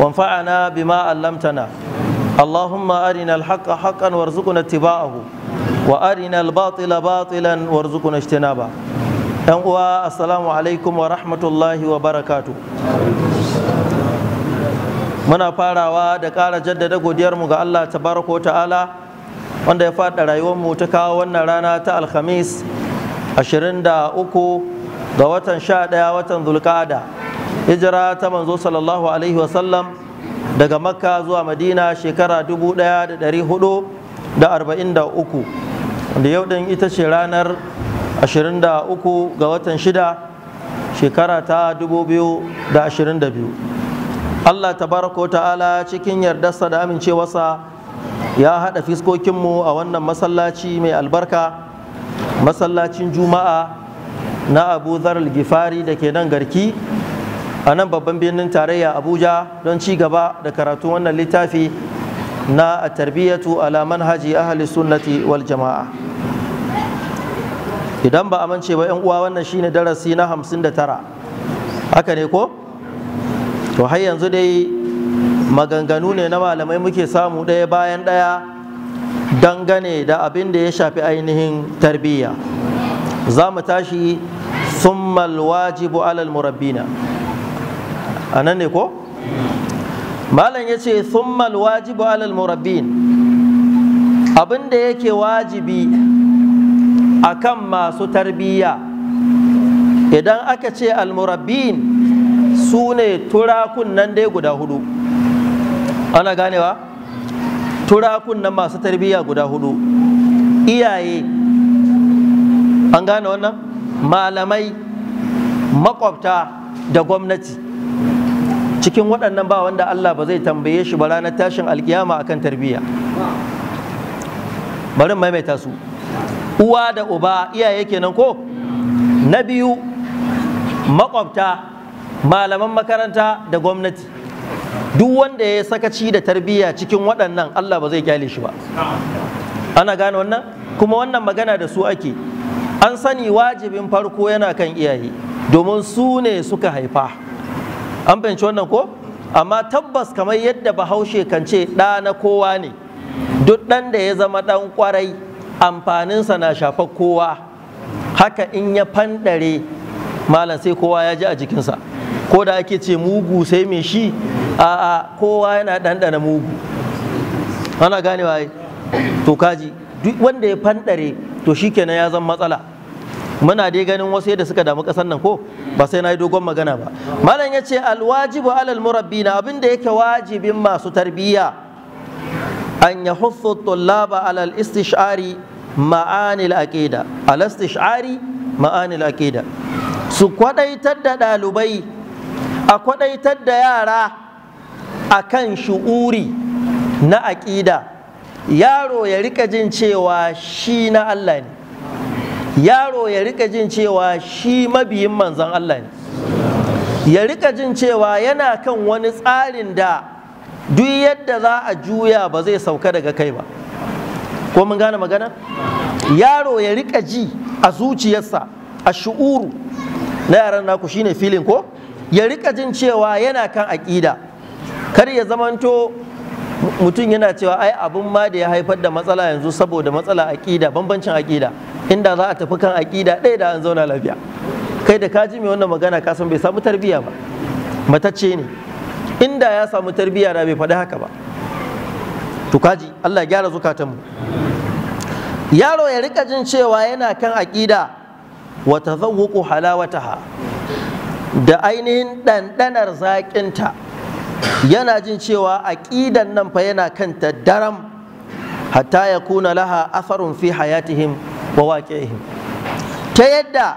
وانفعنا بما علمتنا اللهم أرنا الحق حقا وارزقنا اتباعه وأرنا الباطل باطلا وارزقنا اجتنابه ‘Yan uwa, 'asalamu alaikum wa rahmatullahi wa barakatu. Muna farawa da ƙara jaddada godiyarmu ga Allah tabaraka ta'ala wanda ya faɗa rayuwarmu ta kawo wannan rana ta Alhamis 23 ga watan 11 watan Zulkada. hijira ta manzo sallallahu alaihi wasallam daga makka zuwa madina shekara 1443 da yau din ita ce ranar 23 ga watan 6 shekara ta 2022 allah Ta wa ta'ala cikin yardarsa da amincewarsa ya haɗa fiskokinmu a wannan masallaci mai albarka masallacin juma'a na abu zarar gifari da ke nan garki a nan babban birnin tarayya abuja don ci gaba da karatu wannan littafi na a tarbiyyatu ala manhaji ahli sunnati wal jama'a idan ba a amince ba yan uwa wannan shine darasi na hamsin da tara, haka ne ko to har yanzu dai maganganu ne na malamai muke samu ɗaya bayan ɗaya dangane da abin da ya shafi ainihin tarbiyya za mu tashi summal wajibu alal murabbina a nan ne ko malam ya ce thummal wajibu alal murabbin abinda yake wajibi a kan masu tarbiyya idan aka ce murabbin su ne turakun nan dai guda hudu ana ganewa turakun nan masu tarbiyya guda hudu iyaye an gane wannan malamai makwabta da gwamnati cikin waɗannan ba wanda Allah ba zai tambaye shi ba ranar tashin alkiyama kan tarbiyya bari maimaita su uwa da uba iyaye kenan ko na biyu makwabta malaman makaranta da gwamnati duk wanda ya sakaci da tarbiyya cikin waɗannan Allah ba zai kyale shi ba ana gane wannan kuma wannan magana da su ake an sani wajibin farko yana kan iyaye domin su ne suka haifa an fahimci wannan ko amma tabbas kamar yadda bahaushe kan ce ɗa na kowa ne duk ɗan da ya zama ɗan ƙwarai amfaninsa na shafar kowa haka in ya fanɗare malam sai kowa ya ji a jikinsa ko da ake ce mugu sai mai shi a'a kowa yana ɗanɗana mugu ana ganewa to kaji duk wanda ya fanɗare to kenan ya zama matsala muna dai ganin wasu yadda suka damu ƙasar nan ko ba sai na yi dogon magana ba malam ya ce alwajibu alal na abin da yake wajibin masu tarbiyya an ya husu tullaba alal istishari ma'anil aqida al istishari ma'anil aqida su kwadaitar da ɗalibai a kwadaitar da yara akan shu'uri na aƙida yaro ya rika jin cewa shi na Allah ne yaro ya rika jin cewa shi mabiyin manzan Allah ne ya rika jin cewa yana kan wani tsarin da duk yadda za a juya ba zai sauka daga kai ba ko mun gane magana yaro ya rika ji a zuciyarsa a shu'uru na yaran naku shine filin ko ya rika jin cewa yana kan aƙida kar ya zamanto mutum yana cewa ai abin ma da ya haifar da matsala yanzu saboda matsala aƙida bambancin aƙida inda za a tafi kan aƙida ɗaya da an zauna lafiya kai da kaji mai wannan magana ka san bai samu tarbiyya ba matacce ne inda ya samu tarbiyya da bai faɗi haka ba to kaji Allah ya gyara mu yaro ya rika jin cewa yana kan aƙida wa tazawwuqu halawataha da ainihin ɗanɗanar zaƙinta yana jin cewa aƙidan nan fa yana kanta daram hatta ya kuna laha asarun fi hayatihim wa waƙehim ta yadda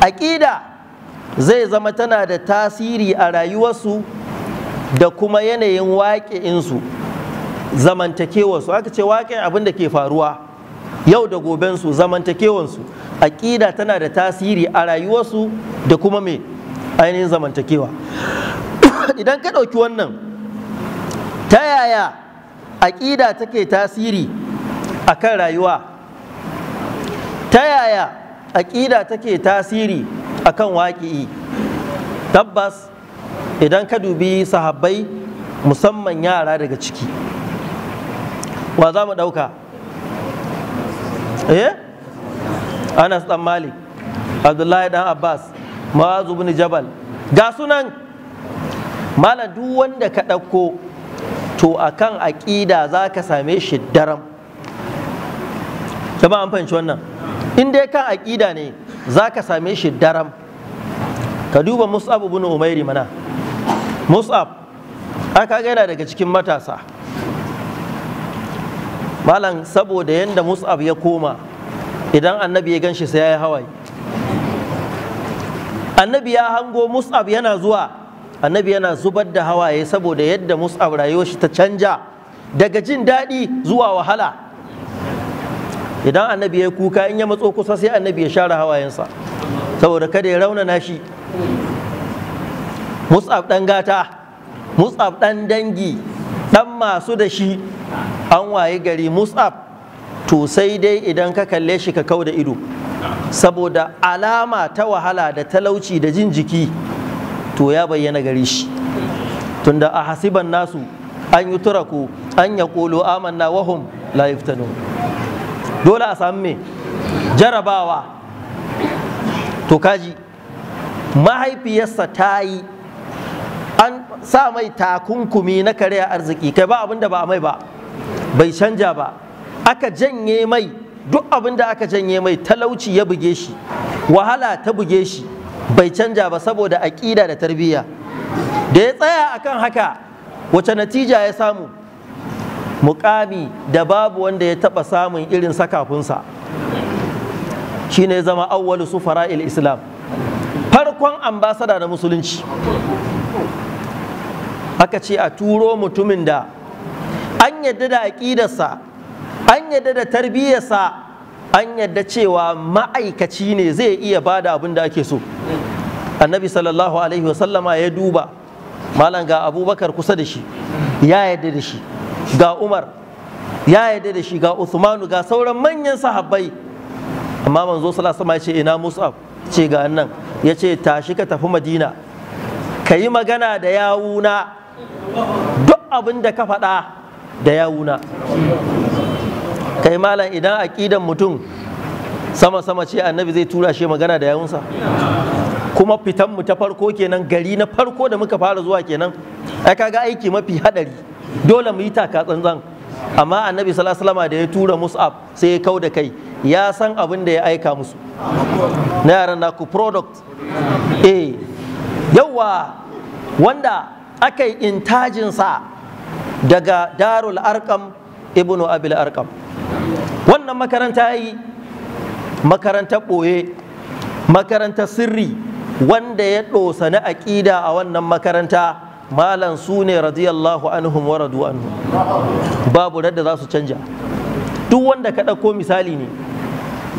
aƙida zai zama tana da tasiri a rayuwarsu da kuma yanayin waƙe'insu zamantakewarsu aka ce waƙe abin da ke faruwa yau da gobensu zamantakewarsu aƙida tana da tasiri a rayuwarsu da kuma mai ainihin zamantakewa idan ka ɗauki wannan ta yaya aƙida take tasiri a kan rayuwa ta yaya aƙida take tasiri a kan waƙi'i tabbas idan ka dubi sahabbai musamman yara daga ciki wa za mu ɗauka eh anas ɗan malik abdullahi ɗan abbas ma'azu bin jabal ga sunan malam duk wanda ka ɗauko to akan aƙida za ka same shi daram ba an fahimci wannan in dai kan aƙida ne za ka same shi daram ka duba mus'ab ibn umairi mana mus'ab aka gana daga cikin matasa malam saboda yadda mus'ab ya koma idan annabi ya ganshi sai ya yi hawaye annabi ya hango mus'ab yana zuwa annabi yana zubar da hawaye saboda yadda mus'ab rayuwar shi ta canja daga jin daɗi zuwa wahala idan annabi ya kuka in ya matso kusa sai annabi ya share hawayensa saboda kada ya raunana shi mus'ab ɗan gata mus'ab ɗan dangi ɗan masu da shi an waye gari mus'ab to sai dai idan ka kalle shi ka kau da ido saboda alama ta wahala da talauci da jin jiki to ya bayyana gare shi tunda a hasiban nasu an yi turaku an ya kolo amanna wahum la dole a sami me jarabawa to kaji mahaifiyarsa ta yi an sa mai takunkumi na kare arziki kai ba abin da ba mai ba bai canja ba aka janye mai duk abin aka janye mai talauci ya buge shi wahala ta buge shi bai canja ba saboda aƙida da tarbiyya da ya tsaya a kan haka wace natija ya samu Muƙami da babu wanda ya taɓa samun irin sakafunsa Shi ne zama awwalu fara'il islam farkon ambasada na musulunci aka ce a turo mutumin da an yadda da aƙidarsa an yadda da tarbiyyarsa an yadda cewa ma'aikaci ne zai iya bada abin da ake so annabi sallallahu alaihi wasallama ya duba malam ga abubakar kusa da shi ya yadda da shi ga umar ya yadda da shi ga Usmanu ga sauran manyan sahabbai amma manzo sallallahu alaihi ya ce ina mus'ab ce ga nan ya ce tashi ka tafi madina ka yi magana da yawuna duk abin da ka faɗa da yawuna kai malam idan aƙidan mutum sama-sama ce annabi zai tura shi magana da yawunsa kuma fitan mu ta farko kenan gari na farko da muka fara zuwa kenan ai kaga aiki mafi hadari dole mu yi taka tsantsan amma annabi sallallahu da ya tura mus'ab sai ya kau da kai ya san abin da ya aika musu na yaran ku product eh yawa wanda aka yi intajinsa daga darul arkam ibnu abil arkam wannan makaranta yi makarantar ɓoye makarantar sirri wanda ya ɗosa na aƙida a wannan makaranta malan su ne radiyallahu anhum wa radu anhum babu radda za su canja duk wanda ka ɗauko misali ne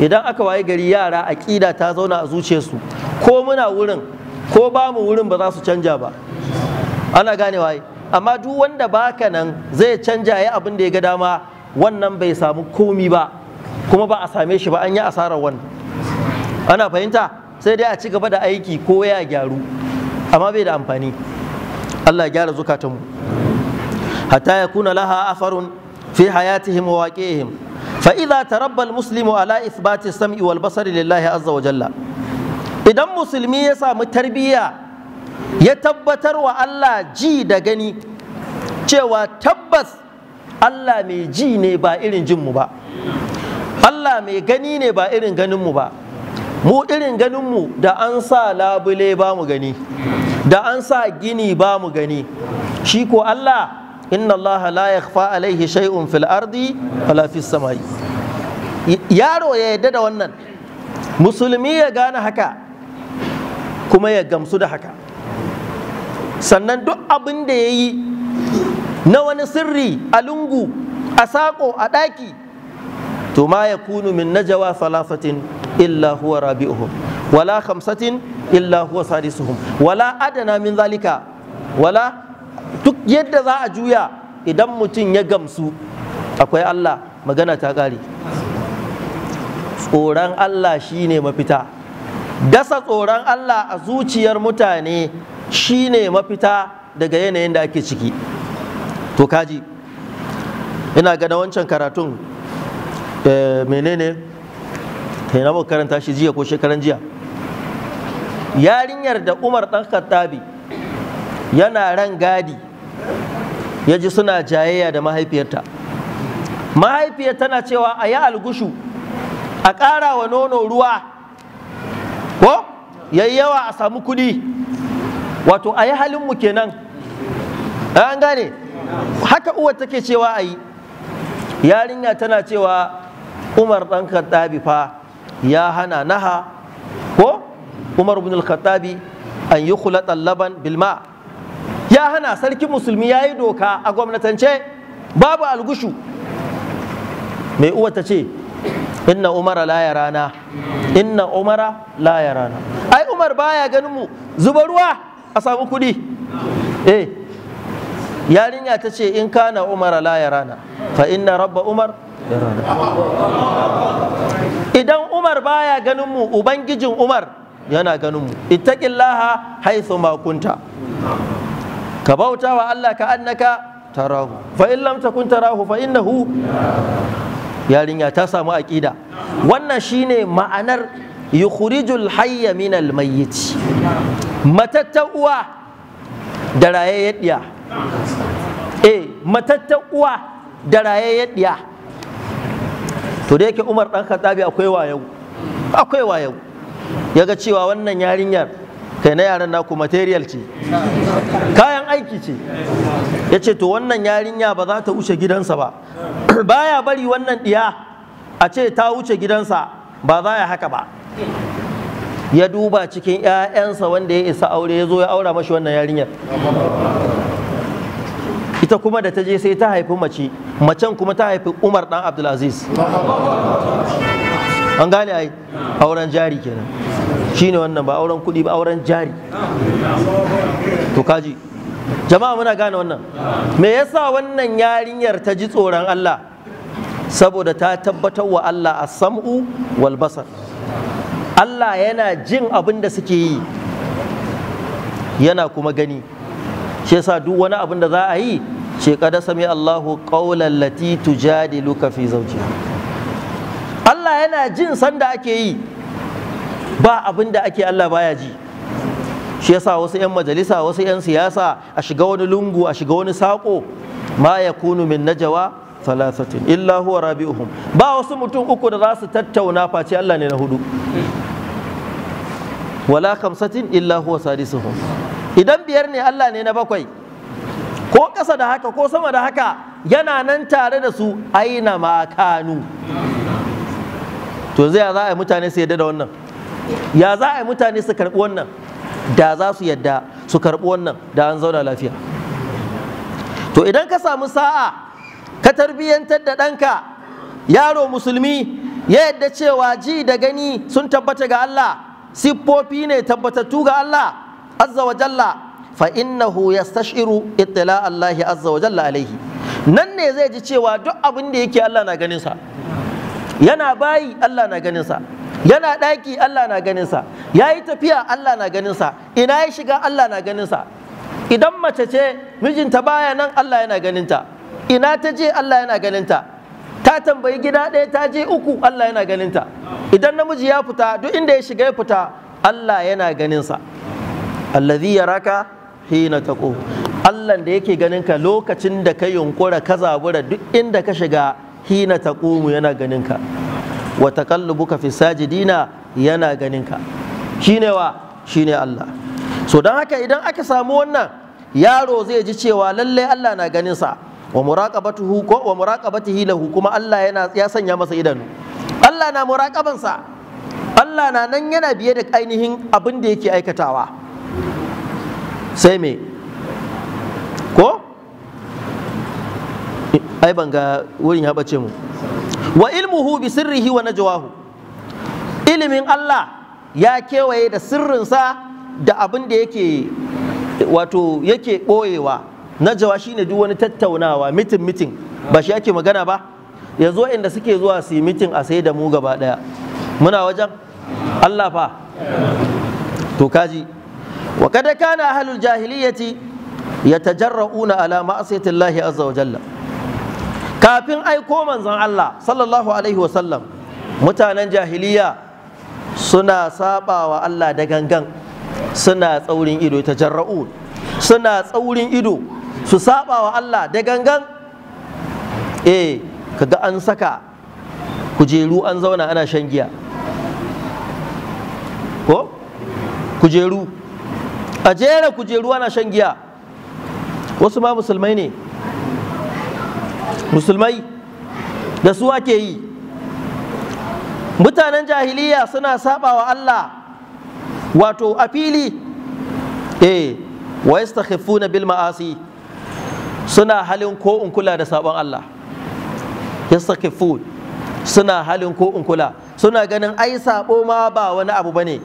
idan aka waye gari yara aƙida ta zauna a zuciyarsu ko muna wurin ko ba mu wurin ba za su canja ba ana gane waye amma duk wanda baka nan zai canja ya abin da ya ga dama wannan bai samu komi ba kuma ba a same shi ba an yi asarar wannan ana fahimta sai dai a ci gaba da aiki ko ya gyaru amma bai da amfani Allah ya gyara zukatanmu hatta ya kuna laha afarun fi hayatihim wa waqihim fa idza tarabba almuslimu ala ithbati sam'i wal basari lillahi azza wa jalla idan musulmi ya samu tarbiyya ya tabbatar wa Allah ji da gani cewa tabbas Allah mai ji ne ba irin mu ba Allah mai gani ne ba irin ganin mu ba mu irin ganin mu da an sa labule ba mu gani da an sa gini ba mu gani shi ko Allah inna Allah la yakhfa alaihi shay'un fil ardi wala fis samai yaro ya yadda da wannan musulmi ya gane haka kuma ya gamsu da haka sannan duk abin da ya yi na wani sirri a lungu a saƙo a ɗaki to ma ya kunu min najawa salasatin illa huwa rabi'uhum wala khamsatin illa huwa sadisuhum wala adana min zalika wala duk yadda za a juya idan mutum ya gamsu akwai Allah magana ta ƙare tsoron Allah shine mafita dasa tsoron Allah a zuciyar mutane shine mafita daga yanayin da ake ciki to kaji ina gana wancan karatun eh, menene eh, na muka karanta shi jiya ko shekaran jiya yarinyar da umar dan khattabi yana ran gadi ya ji suna jayayya da mahaifiyarta mahaifiyar tana cewa a yi algushu a ƙara wa nono ruwa ko yi yawa a samu kuɗi wato a yi mu kenan an gane haka uwar take cewa a yi yarinya tana cewa umar ɗan khattabi fa ya hana naha ko umar ibn al-khattabi an yi laban bilma ya hana sarki musulmi ya yi doka a gwamnatance babu algushu mai uwa ta ce inna umara la ya rana inna umara la ya rana ai umar baya ganin mu zuba ruwa a samu kuɗi eh yarinya ta ce in kana umar la ya rana fa inna rabba umar ya rana idan umar baya ganin mu ubangijin umar yana ganin mu ittaqillaha haythu ma kunta ka bauta wa Allah ka annaka tarahu fa in lam takun tarahu fa innahu yarinya ta samu aqida wannan shine ma'anar yukhrijul hayya minal mayyit matatta uwa da rayayyar eh matattar uwa da rayayyar diya to da yake umar dan khattabi akwai wayau akwai wayau yaga cewa wannan yarinyar kai na yaran naku material ce kayan aiki ce Yace to wannan yarinya ba za ta wuce gidansa ba baya bari wannan diya a ce ta wuce gidansa ba za ya haka ba ya duba cikin 'ya'yansa wanda ya isa aure ya zo ya aura mashi wannan yarinyar ita kuma da ta je sai ta haifi mace macen kuma ta haifi umar dan abdulaziz an gane ai auren jari kenan shine wannan ba auren kuɗi ba auren jari to kaji jama'a muna gane wannan me yasa wannan yarinyar ta ji tsoron Allah saboda ta tabbatar wa Allah a sam'u wal basar Allah yana jin abin da suke yi yana kuma gani shi yasa duk wani abin da za a yi shi kada sami Allahu qawlan lati tujadiluka fi zawjiha Allah yana jin sanda ake yi ba abin da ake Allah baya ji shi yasa wasu 'yan majalisa wasu 'yan siyasa a shiga wani lungu a shiga wani sako ma yakunu kunu min najawa thalathatin illa huwa rabi'uhum ba wasu mutum uku da za su tattauna face Allah ne na hudu wala kamsatin illa huwa sadisuhum idan biyar ne Allah ne na bakwai ko ƙasa da haka ko sama da haka yana nan tare da su aina makanu to zai za a yi mutane su yadda da wannan ya za a yi mutane su karɓi wannan da za su yadda su karɓi wannan da an zauna lafiya to idan ka samu sa'a ka tarbiyyantar da ɗanka yaro musulmi ya yadda cewa ji da gani sun tabbata ga Allah siffofi ne tabbatattu ga Allah azza wa jalla fa innahu yastashiru ittila Allah azza wa alaihi nan ne zai ji cewa duk abin da yake Allah na ganin sa yana bayi Allah na ganin sa yana daki Allah na ganin sa yayi tafiya Allah na ganin sa ina ya shiga Allah na ganin sa idan mace ce mijinta baya nan Allah yana ganin ta ina ta je Allah yana ganin ta ta tambayi gida ɗaya ta je uku Allah yana ganin ta, idan namiji ya fita duk inda ya shiga ya fita Allah yana ganin sa. allazi yaraka hina taqu Allah da yake ganin ka lokacin da ka yunkura ka zabura duk inda ka shiga hina taqumu yana ganin ka wa taqallubuka fi sajidina yana ganin ka shine wa shine Allah so dan haka idan aka samu wannan yaro zai ji cewa lallai Allah na ganin sa wa muraqabatuhu ko wa muraqabatihi lahu kuma Allah yana ya sanya masa idanu Allah na muraqabansa Allah na nan yana biye da ainihin abin da yake aikatawa sai me ko ai ban ga wurin ya bace mu wa ilmuhu bi sirrihi wa najwahu ilimin Allah ya kewaye da sirrinsa da abin da yake wato yake ɓoyewa najawa shine duk wani tattaunawa mitin mitin ba shi yake magana ba yanzu inda suke zuwa su yi mitin a sai da mu gaba daya muna wajen Allah fa to kaji wa kada kana ahlul jahiliyyati yatajarra'una ala ma'asiyati Allah azza wa jalla kafin aiko manzon Allah sallallahu alaihi wa sallam mutanen jahiliya suna sabawa Allah da gangan suna tsaurin ido tajarra'un suna tsaurin ido su sabawa Allah da gangan eh kaga an saka kujeru an zauna ana shan giya ko kujeru a jera kujeruwa na shan giya wasu ma musulmai ne musulmai da su ake yi mutanen jahiliya suna saba wa Allah wato a fili eh wa yastakhifuna bil ma'asi suna halin ko in kula da sabon Allah yastakhifun suna halin ko in kula suna ganin ai sabo ma ba wani abu bane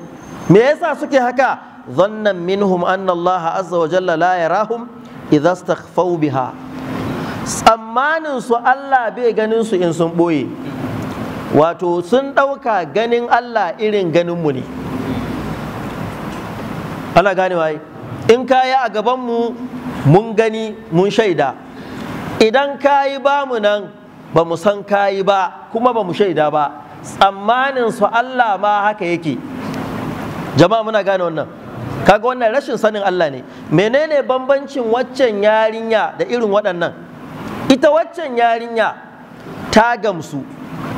me yasa suke haka dhannan minhum anna Allah azza wa jalla la yarahum idza istakhfaw biha tsammanin su Allah bai ganin su in sun ɓoye wato sun ɗauka ganin Allah irin ganinmu ne ana gane waye in kayi a gaban mu mun gani mun shaida idan kayi ba mu nan ba mu san kayi ba kuma ba mu shaida ba tsammanin su Allah ma haka yake jama'a muna gane wannan kaga wannan rashin sanin Allah ne menene bambancin waccan yarinya da irin waɗannan ita waccan yarinya ta gamsu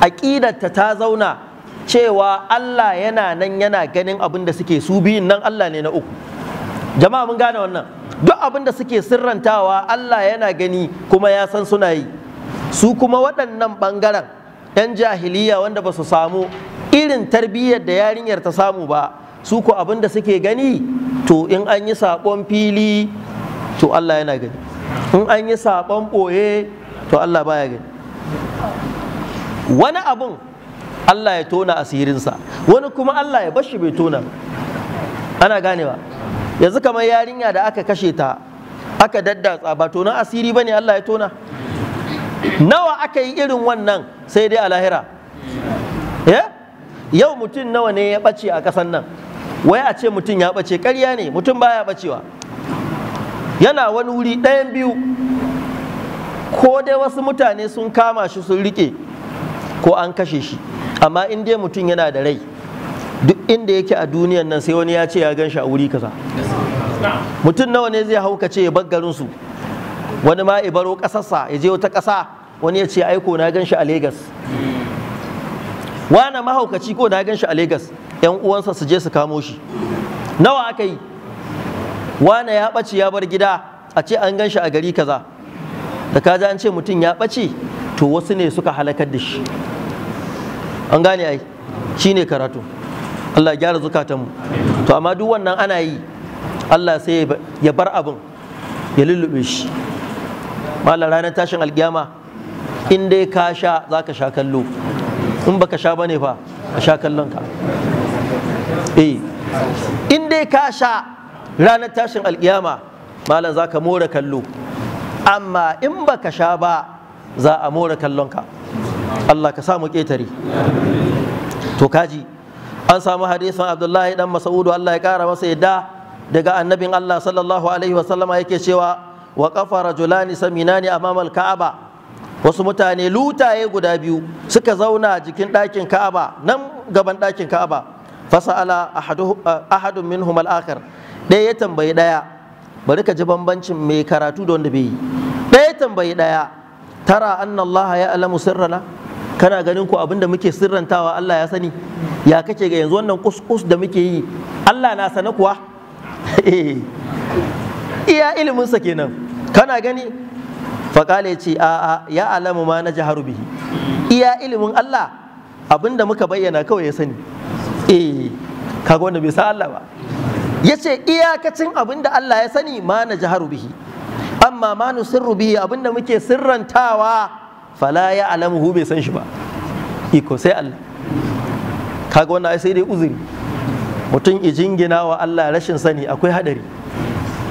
aƙidarta ta zauna cewa Allah yana nan yana ganin abin da suke su biyun nan Allah ne na uku jama'a mun gane wannan duk abin da suke sirrantawa Allah yana gani kuma ya san suna yi su kuma waɗannan ɓangaren 'yan jahiliya wanda ba su samu irin tarbiyyar da yarinyar ta samu ba su ko abin da suke gani to in an yi saƙon fili to Allah yana gani in an yi saƙon ɓoye to Allah baya gani wani abin Allah ya tona asirinsa wani kuma Allah ya bashi bai tona ana ganewa yanzu kamar yarinya da aka kashe ta aka daddatsa ba tona asiri bane Allah ya tona nawa aka yi irin wannan sai dai a lahira eh? yau mutum nawa ne ya ɓace a ƙasan nan wai a ce mutum ya ɓace karya ne mutum baya ɓacewa yana wani wuri ɗayan biyu ko dai wasu mutane sun kama shi sun rike ko an kashe shi amma in dai mutum yana da rai duk inda yake a duniyan nan sai wani ya ce ya gan shi a wuri kaza mutum nawa ne zai haukace ya bar garinsu wani ma ya baro ƙasarsa ya je wata ƙasa wani ya ce aiko na gan shi a Legas. wana mahaukaci ko na gan shi a Legas yan uwansa su je su kamo shi nawa aka yi wane ya ɓace ya bar gida a ce an gan shi a gari kaza da ka an ce mutum ya ɓace to wasu ne suka halakar da shi an gane ai shi ne karatu Allah ya gyara zukatanmu to amma duk wannan ana yi Allah sai ya bar abin ya lullube shi malar ranar tashin alkiyama in dai ka sha za ka sha kallo in baka sha bane fa a sha kallon ka eh in dai ka sha ranar tashin alkiyama malam za ka more kallo amma in baka sha ba za a more kallonka Allah ka samu ƙetare to kaji an samu hadisin abdullahi dan mas'udu Allah ya kara masa yadda daga annabin Allah sallallahu alaihi wasallama yake cewa wa kafa rajulani saminani amamal ka'aba wasu mutane lutaye guda biyu suka zauna jikin ɗakin ka'aba nan gaban ɗakin ka'aba fasa'ala ahadun minhum al-akhar ɗaya ya tambayi ɗaya bari ka ji bambancin mai karatu da wanda bai yi ɗaya ya tambayi ɗaya tara anna Allah ya alamu sirrana kana ganin ku abin da muke sirrantawa Allah ya sani ya kake ga yanzu wannan kuskus da muke yi Allah na sana kuwa eh. iya iliminsa kenan kana gani faƙale ce a a ya alamu ma na jaharu bihi iya ilimin Allah abinda muka bayyana kawai ya sani eh kaga wanda bai san Allah ba yace iyakacin abin da Allah ya sani ma na jaharu bihi amma ma sirru bihi abin da muke sirrantawa fala ya alamuhu bai san shi ba iko sai Allah kaga wannan ai sai dai uzuri mutum i jingina wa Allah rashin sani akwai hadari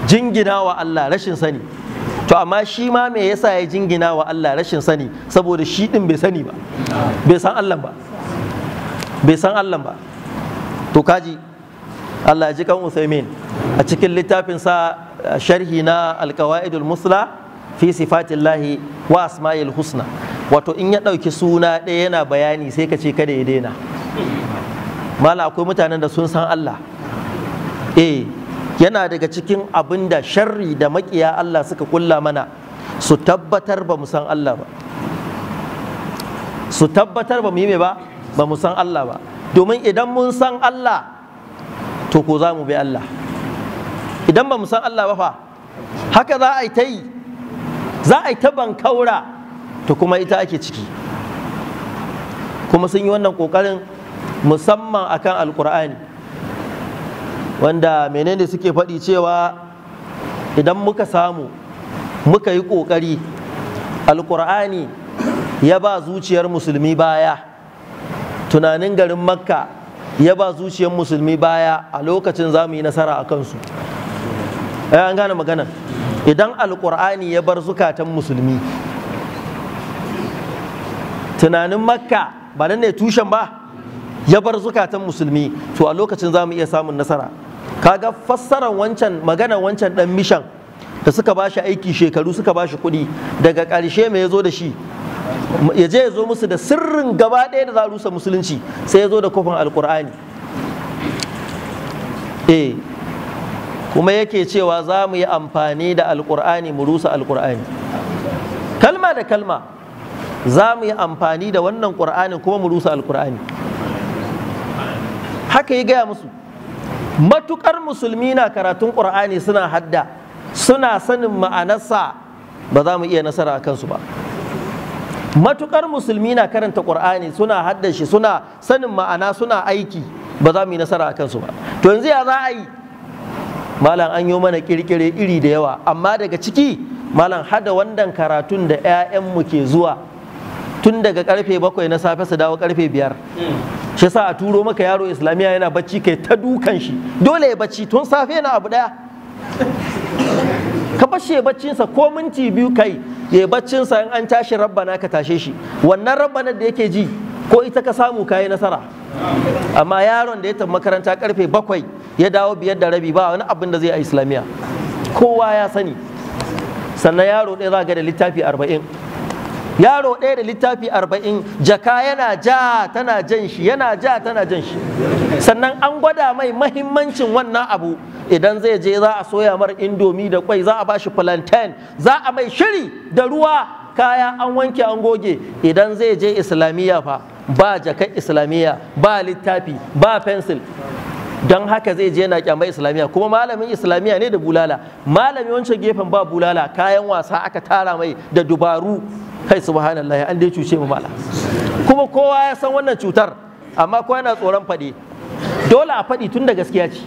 jingina wa Allah rashin sani to amma shi ma me yasa ya jingina wa Allah rashin sani saboda shi din bai sani ba bai san Allah ba bai san Allah ba to kaji Allah ya ji kan Uthaymin a cikin littafin sa eh, sharhi na alkawa'idul musla fi sifatillahi wa asma'il husna wato in ya ɗauki suna ɗaya yana bayani sai ka ce kada ya daina mala akwai mutanen da sun san Allah eh yana daga cikin abin da sharri da makiya Allah suka kulla mana su tabbatar ba mu san Allah ba su tabbatar ba mu yi ba ba mu san Allah ba domin idan mun san Allah to ko za mu bi Allah idan ba mu san Allah ba fa haka za a yi ta yi za a yi ta bankaura to kuma ita ake ciki kuma sun yi wannan kokarin musamman akan alkur'ani wanda menene suke faɗi cewa idan muka samu muka yi ƙoƙari alkur'ani ya ba zuciyar musulmi baya tunanin garin makka ya ba zuciyar musulmi baya a lokacin za mu yi nasara a kansu eh, an gane magana idan alkur'ani ya bar zukatan musulmi tunanin makka ba nan ne tushen ba ya bar zukatan musulmi to a lokacin za mu iya samun nasara kaga fassarar wancan magana wancan dan mishan da suka ba shi aiki shekaru suka ba shi kuɗi daga ƙarshe mai ya zo da shi ya je ya zo musu da sirrin gaba ɗaya da za a rusa musulunci sai ya zo da kofin alkur'ani e eh, kuma yake cewa za mu yi amfani da alkur'ani mu rusa alkur'ani kalma da kalma za mu yi amfani da wannan ƙur'anin kuma mu rusa alkur'ani haka yi gaya musu matukar musulmi na karatun ƙur'ani suna hadda suna sanin ma'anarsa ba za mu iya nasara a kansu ba matukar musulmi na karanta qur'ani suna shi suna sanin ma'ana suna aiki ba za mu yi nasara a kansu ba to yanzu ya za a yi malam an yi mana kirkire iri da yawa amma daga ciki malam hada wandan karatun da mu ke zuwa tun daga karfe bakwai na safe su dawo karfe biyar hmm. shi sa a turo maka yaro islamiyya yana bacci kai ta dukan shi dole ya bacci tun safe na abu daya ka bashe baccinsa ko minti biyu kai ya baccinsa in an tashi rabbana ka tashe shi wannan rabbana da yake ji ko ita ka samu kayi nasara amma yaron da ya tafi makaranta karfe bakwai ya dawo biyar da rabi ba wani abin da zai a islamiya kowa ya sani sannan yaro ɗaya za ga da littafi arba'in yaro ɗaya da littafi arba'in jaka yana ja tana jan shi yana ja tana jan shi sannan an gwada mai mahimmancin wannan abu idan zai je za a soya mar indomi da kwai za a ba shi plantain za a mai shiri da ruwa kaya an wanke an goge idan zai je islamiyya fa ba jakar islamiyya ba littafi ba fensil don haka zai je na kyamar islamiyya kuma malamin islamiyya ne da bulala Malamin wancan gefen ba bulala kayan wasa aka tara mai da dubaru kai subhanallah an dai cuce mu mala kuma kowa ya san wannan cutar amma kowa yana tsoron faɗi dole a faɗi tun da gaskiya ce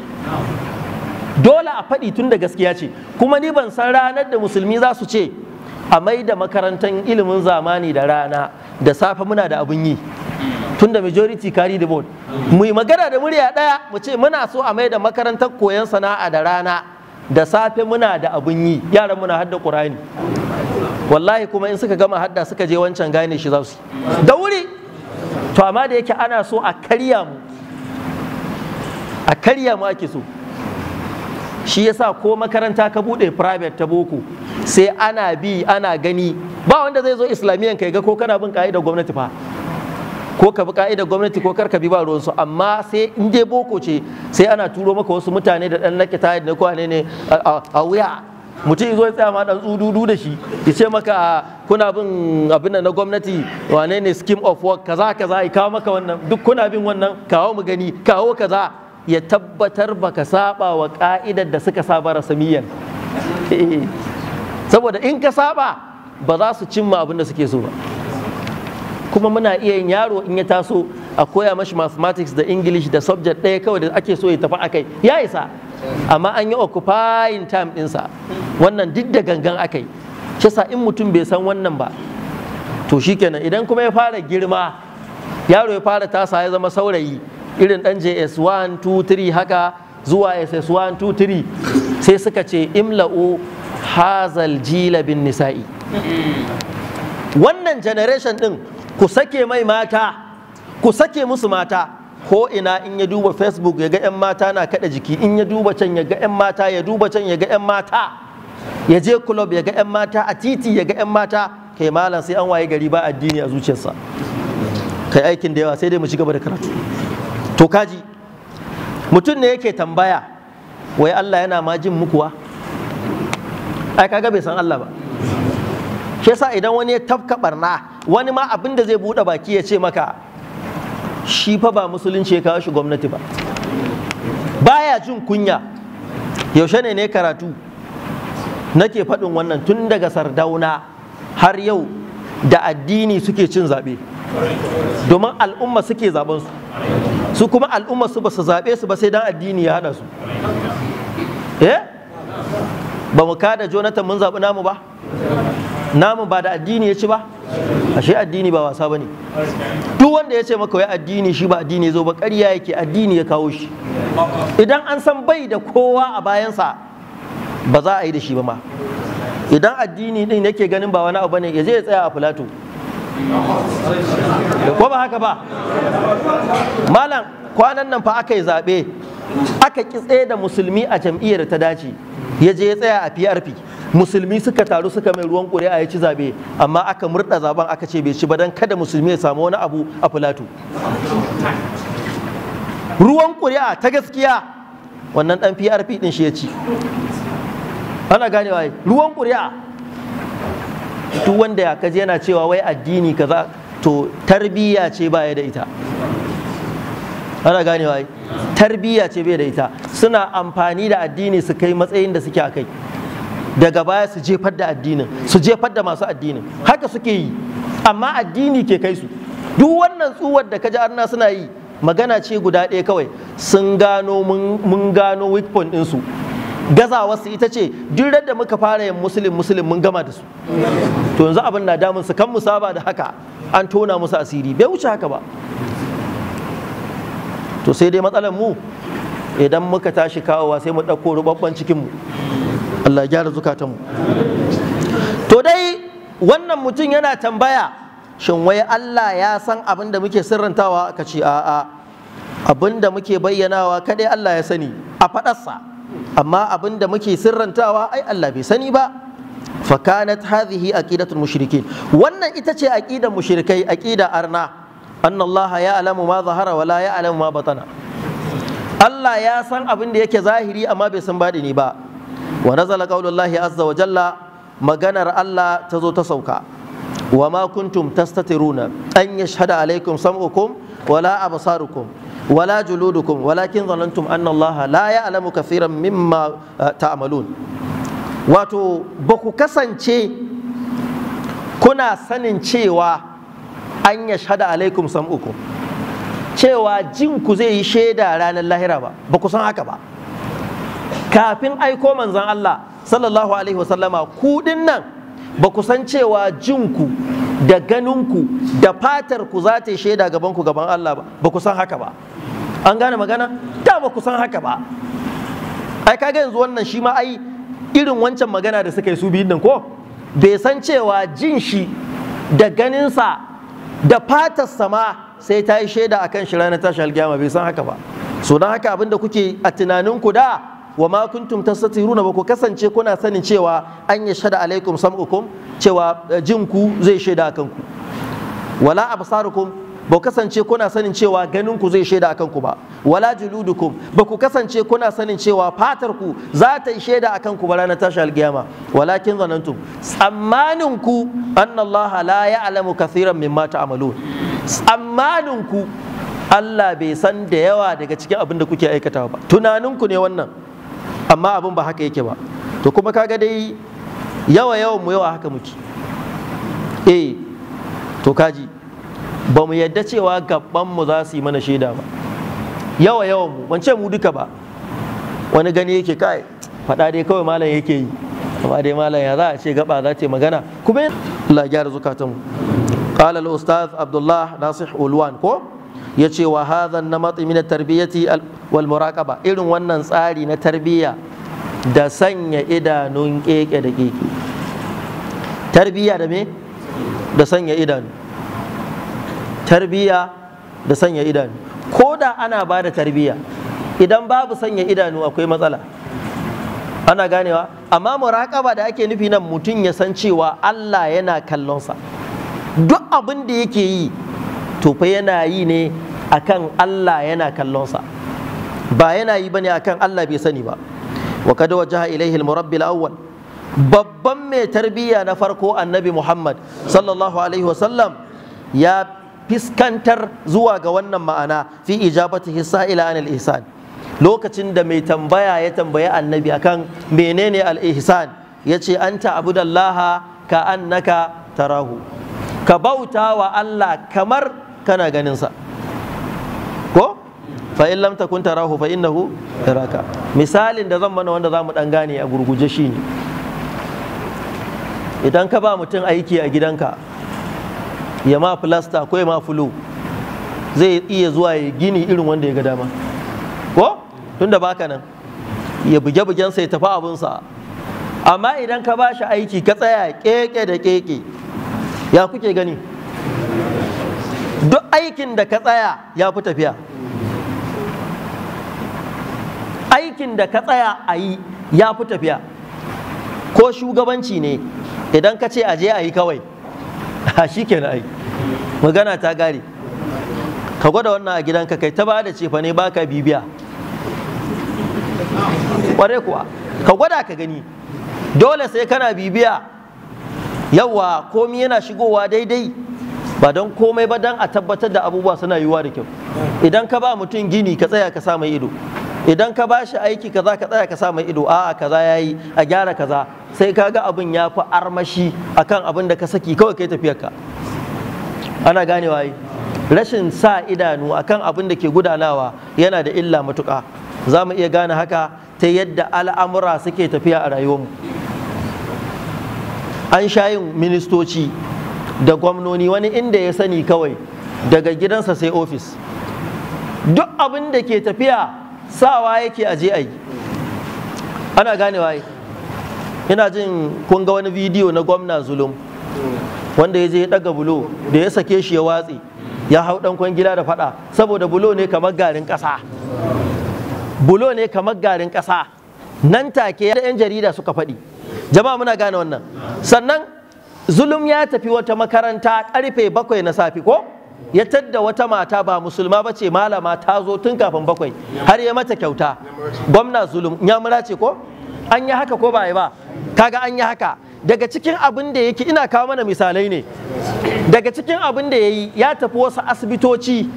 dole a faɗi tun da gaskiya ce kuma ni ban san ranar da musulmi za su ce a mai da makarantar ilimin zamani da rana da safe muna da abin yi tun da majority carry the board mu yi magana da murya ɗaya mu ce muna so a mai da makarantar koyon sana'a da rana da safe muna da abun yi yaran muna hadda ƙur'ani wallahi kuma in suka gama hadda suka je wancan gane shi za su da wuri to amma da yake ana so a karya mu a karya mu ake so shi yasa ko makaranta ka bude private ta boko sai ana bi ana gani ba wanda zai zo islamiyan kai ga ko kana bin ka'idar gwamnati fa ko ka bi ka'idar gwamnati ko karka bi ba ruwansu amma sai in dai boko ce sai ana turo maka wasu mutane da dan nakita da kwane ne a wuya mutum zo ya tsaya ma dan tsududu da shi ya ce maka kuna bin abin na gwamnati wane ne scheme of work kaza kaza ya kawo maka wannan duk kuna bin wannan kawo mu gani kawo kaza ya tabbatar baka saba wa ka'idar da suka saba rasamiyan eh, saboda in ka saba ba za su cimma abin da suke so ba kuma muna iya yin yaro in ya taso a koya mashi mathematics da english da subject ɗaya kawai da ake so ya tafi akai ya isa amma an yi occupying time ɗinsa wannan duk da gangan aka yi sa in mutum bai san wannan ba to shikenan idan kuma ya fara girma yaro ya fara tasa ya zama saurayi irin dan js1 2 3 haka zuwa ss1 2 3 sai suka ce imla'u hazal jila bin nisa'i wannan generation din ku sake mai mata ku sake musu mata ko ina in ya duba facebook ya ga 'yan mata na kada jiki in ya duba can ya ga 'yan mata ya duba can ya ga 'yan mata ya je club ya ga 'yan mata a titi ya ga 'yan mata kai malam sai an waye gari ba addini a zuciyarsa kai aikin da yawa sai dai mu ci gaba da karatu to kaji mutum ne yake tambaya wai Allah yana ma jin mukuwa ai kaga bai san Allah ba shi sa idan wani ya tafka barna wani ma abin da zai bude baki ya ce maka shi fa ba musulunci ya kawo shi gwamnati ba baya jin kunya yaushe ne ne karatu nake faɗin wannan tun daga sardauna har yau da addini suke cin zaɓe domin al'umma suke zaɓen su su kuma al'umma su ba su zaɓe su ba sai dan addini ya haɗa su eh ba mu kada jonathan mun zaɓi namu ba namu ba da addini ya ci ba ashe addini ba wasa bane duk wanda ya ce maka wai addini shi ba addini ya zo ba ƙarya yake addini ya kawo shi idan an san bai da kowa a bayansa ba za a yi da shi ba ma idan addini din yake ganin ba wani abu ne ya je ya tsaya a filato ko ba haka ba malam kwanan nan fa aka yi zaɓe aka kitse da musulmi a jam'iyyar ta dace ya je ya tsaya a PRP musulmi suka taru suka mai ruwan ƙuri'a ya ci zabe amma aka murda zaben aka ce bai ci ba don kada musulmi ya samu wani abu a filatu ruwan ƙuri'a ta gaskiya wannan ɗan prp ɗin shi ya ci ana gane wai ruwan ƙuri'a duk wanda ya kaji yana cewa wai addini kaza to tarbiyya ce baya da ita ana gane wai tarbiyya ce bai da ita suna amfani da addini su kai matsayin da suke a kai daga baya su jefar da addinin su jefar da masu addinin haka suke yi amma addini ke kai su duk wannan tsuwar da ka ji arna suna yi magana ce guda ɗaya kawai sun gano mun gano weak point ɗinsu gazawarsu ita ce duk da muka fara yin musulun musulun mun gama da su to yanzu abin na damun su kan musaba da haka an tona musu asiri bai wuce haka ba to sai dai matsalar mu idan muka tashi kawowa sai mu ɗauko rubabban cikinmu mu Allah gyara zukatanmu to dai wannan mutum yana tambaya shin wai Allah ya san abin da muke sirrantawa ka ce a'a abin da muke bayyanawa kadai Allah ya sani a faɗarsa amma abin da muke sirrantawa ai Allah bai sani ba fakanat hadhihi aqidatul mushrikin wannan ita ce aqidar mushrikai aqida arna anna Allah ya alamu ma zahara wa la ya alamu ma batana Allah ya san abin da yake zahiri amma bai san baɗini ba wa nazala qaulullahi azza wa jalla maganar Allah ta zo ta sauka wa ma kuntum tastatiruna an yashhada alaikum sam'ukum wala absarukum wala juludukum walakin zanantum anna Allah la ya'lamu kathiran mimma eh, ta'malun wato ba ku kasance kuna sanin cewa an yashhada alaikum sam'ukum cewa jinku zai yi shaida ranar lahira ba ba ku san haka ba kafin aiko manzon Allah sallallahu alaihi wasallama kudin nan ba ku san cewa jinku da ganinku da fatar ku za ta shaida gaban ku gaban Allah ba ba ku san haka ba an gane magana da ba ku san haka ba ai ka ga yanzu wannan shi ma ai irin wancan magana da suka yi su biyun nan ko bai san cewa jin shi da ganinsa da fatar sama sai ta yi shaida akan shi ranar tashi alkiyama bai san haka ba so don haka abinda kuke a tunaninku da wa ma kuntum tastatiruna ba ku kasance kuna sanin cewa an shada alaikum sam'ukum cewa eh, jinku zai shaida akan ku wala absarukum ba ku kasance kuna sanin cewa ganin ku zai shaida akan ku ba wala juludukum ba ku kasance kuna sanin cewa fatar ku za ta yi shaida akan ku ba ranar tashi alkiyama walakin zanantum tsammanin ku annallaha la alamu kathiran mimma ta'malun tsammanin ku Allah bai san da yawa daga cikin abin da kuke aikata ba tunaninku ne wannan amma abin ba haka yake ba to kuma kaga dai yawa yawan mu yawa haka muke eh to kaji ba mu yadda cewa gaban mu za su yi mana shaida ba yawa yawan mu ban ce mu duka ba wani gani yake kai faɗa dai kawai malam yake yi amma dai malam ya za a ce gaba za ta yi magana kuma Allah ya gyara zukatanmu qala al-ustaz Abdullah Nasih Ulwan ko ya ce wa hadhan na matsi mina tarbiyyati wal muraqaba irin wannan tsari na tarbiyya da sanya idanun keke da keke tarbiyya da me da sanya idanu tarbiyya da sanya idanu ko da ana ba da tarbiyya idan babu sanya idanu akwai matsala ana ganewa amma muraƙaba da ake nufi nan mutum ya san cewa Allah yana kallonsa duk abin da yake yi to fa yana yi ne akan Allah yana kallonsa ba yana yi bane akan Allah bai sani ba wa kada wajaha ilaihi al-murabbi al-awwal babban mai tarbiyya na farko annabi Muhammad sallallahu alaihi wasallam ya fiskantar zuwa ga wannan ma'ana fi ijabatihi sa'ila anil ihsan lokacin da mai tambaya ya tambayi annabi akan menene al-ihsan yace anta abudallaha ka annaka tarahu ka bauta wa Allah kamar kana ganin sa ko fa in lam takun tarahu fa innahu yaraka misalin da zan mana wanda zamu dan gane a gurguje shi ne, idan ka ba mutum aiki a gidanka ya ma filasta ko ya ma fulu zai iya zuwa ya gini irin wanda ya ga dama ko tunda baka nan ya buge sa ya tafi abun sa, amma idan ka ba shi aiki ka tsaya keke da keke ya kuke gani duk aikin da ka tsaya ya fi tafiya aikin da ka tsaya a yi ya fi tafiya ko shugabanci ne idan ka ce aje a yi kawai a shi ke ai magana ta gare ka gwada wannan a gidanka kai ta bada cefa ne baka bibiya kware kuwa ka gwada ka gani dole sai kana bibiya yawa komi yana shigowa daidai ba don komai ba don a tabbatar da abubuwa suna yiwuwa da kyau idan ka ba mutum gini ka tsaya ka sa mai ido idan ka ba shi aiki kaza ka tsaya ka sa mai ido a'a kaza yayi a gyara kaza sai ka ga abin ya fi armashi akan abin da ka saki kawai kai tafiyarka ana ganewa yi rashin sa idanu akan abin da ke gudanawa yana da illa matuka. za mu iya gane haka ta yadda al'amura suke tafiya a rayuwarmu an sha yin ministoci da gwamnoni wani inda ya sani kawai daga gidansa sai ofis duk abin da ke tafiya sawa yake aje a yi ana gane waye? ina jin kun ga wani bidiyo na gwamna zulum wanda ya je ya daga bulo da ya sake shi ya watse ya hau dan kwangila da fada saboda bulo ne kamar garin kasa bulo ne kamar garin kasa nan take da 'yan jarida suka faɗi jama'a muna gane wannan sannan zulum ya tafi wata makaranta karfe bakwai na safi ko ya tadda wata mata ba musulma ba ce malama ta zo tun kafin bakwai har ya mata kyauta gwamna zulum mura ce ko an yi haka ko ba yi ba kaga an yi haka daga cikin abin da yake ina kawo mana misalai ne daga cikin abin da ya yi ya tafi wasu asibitoci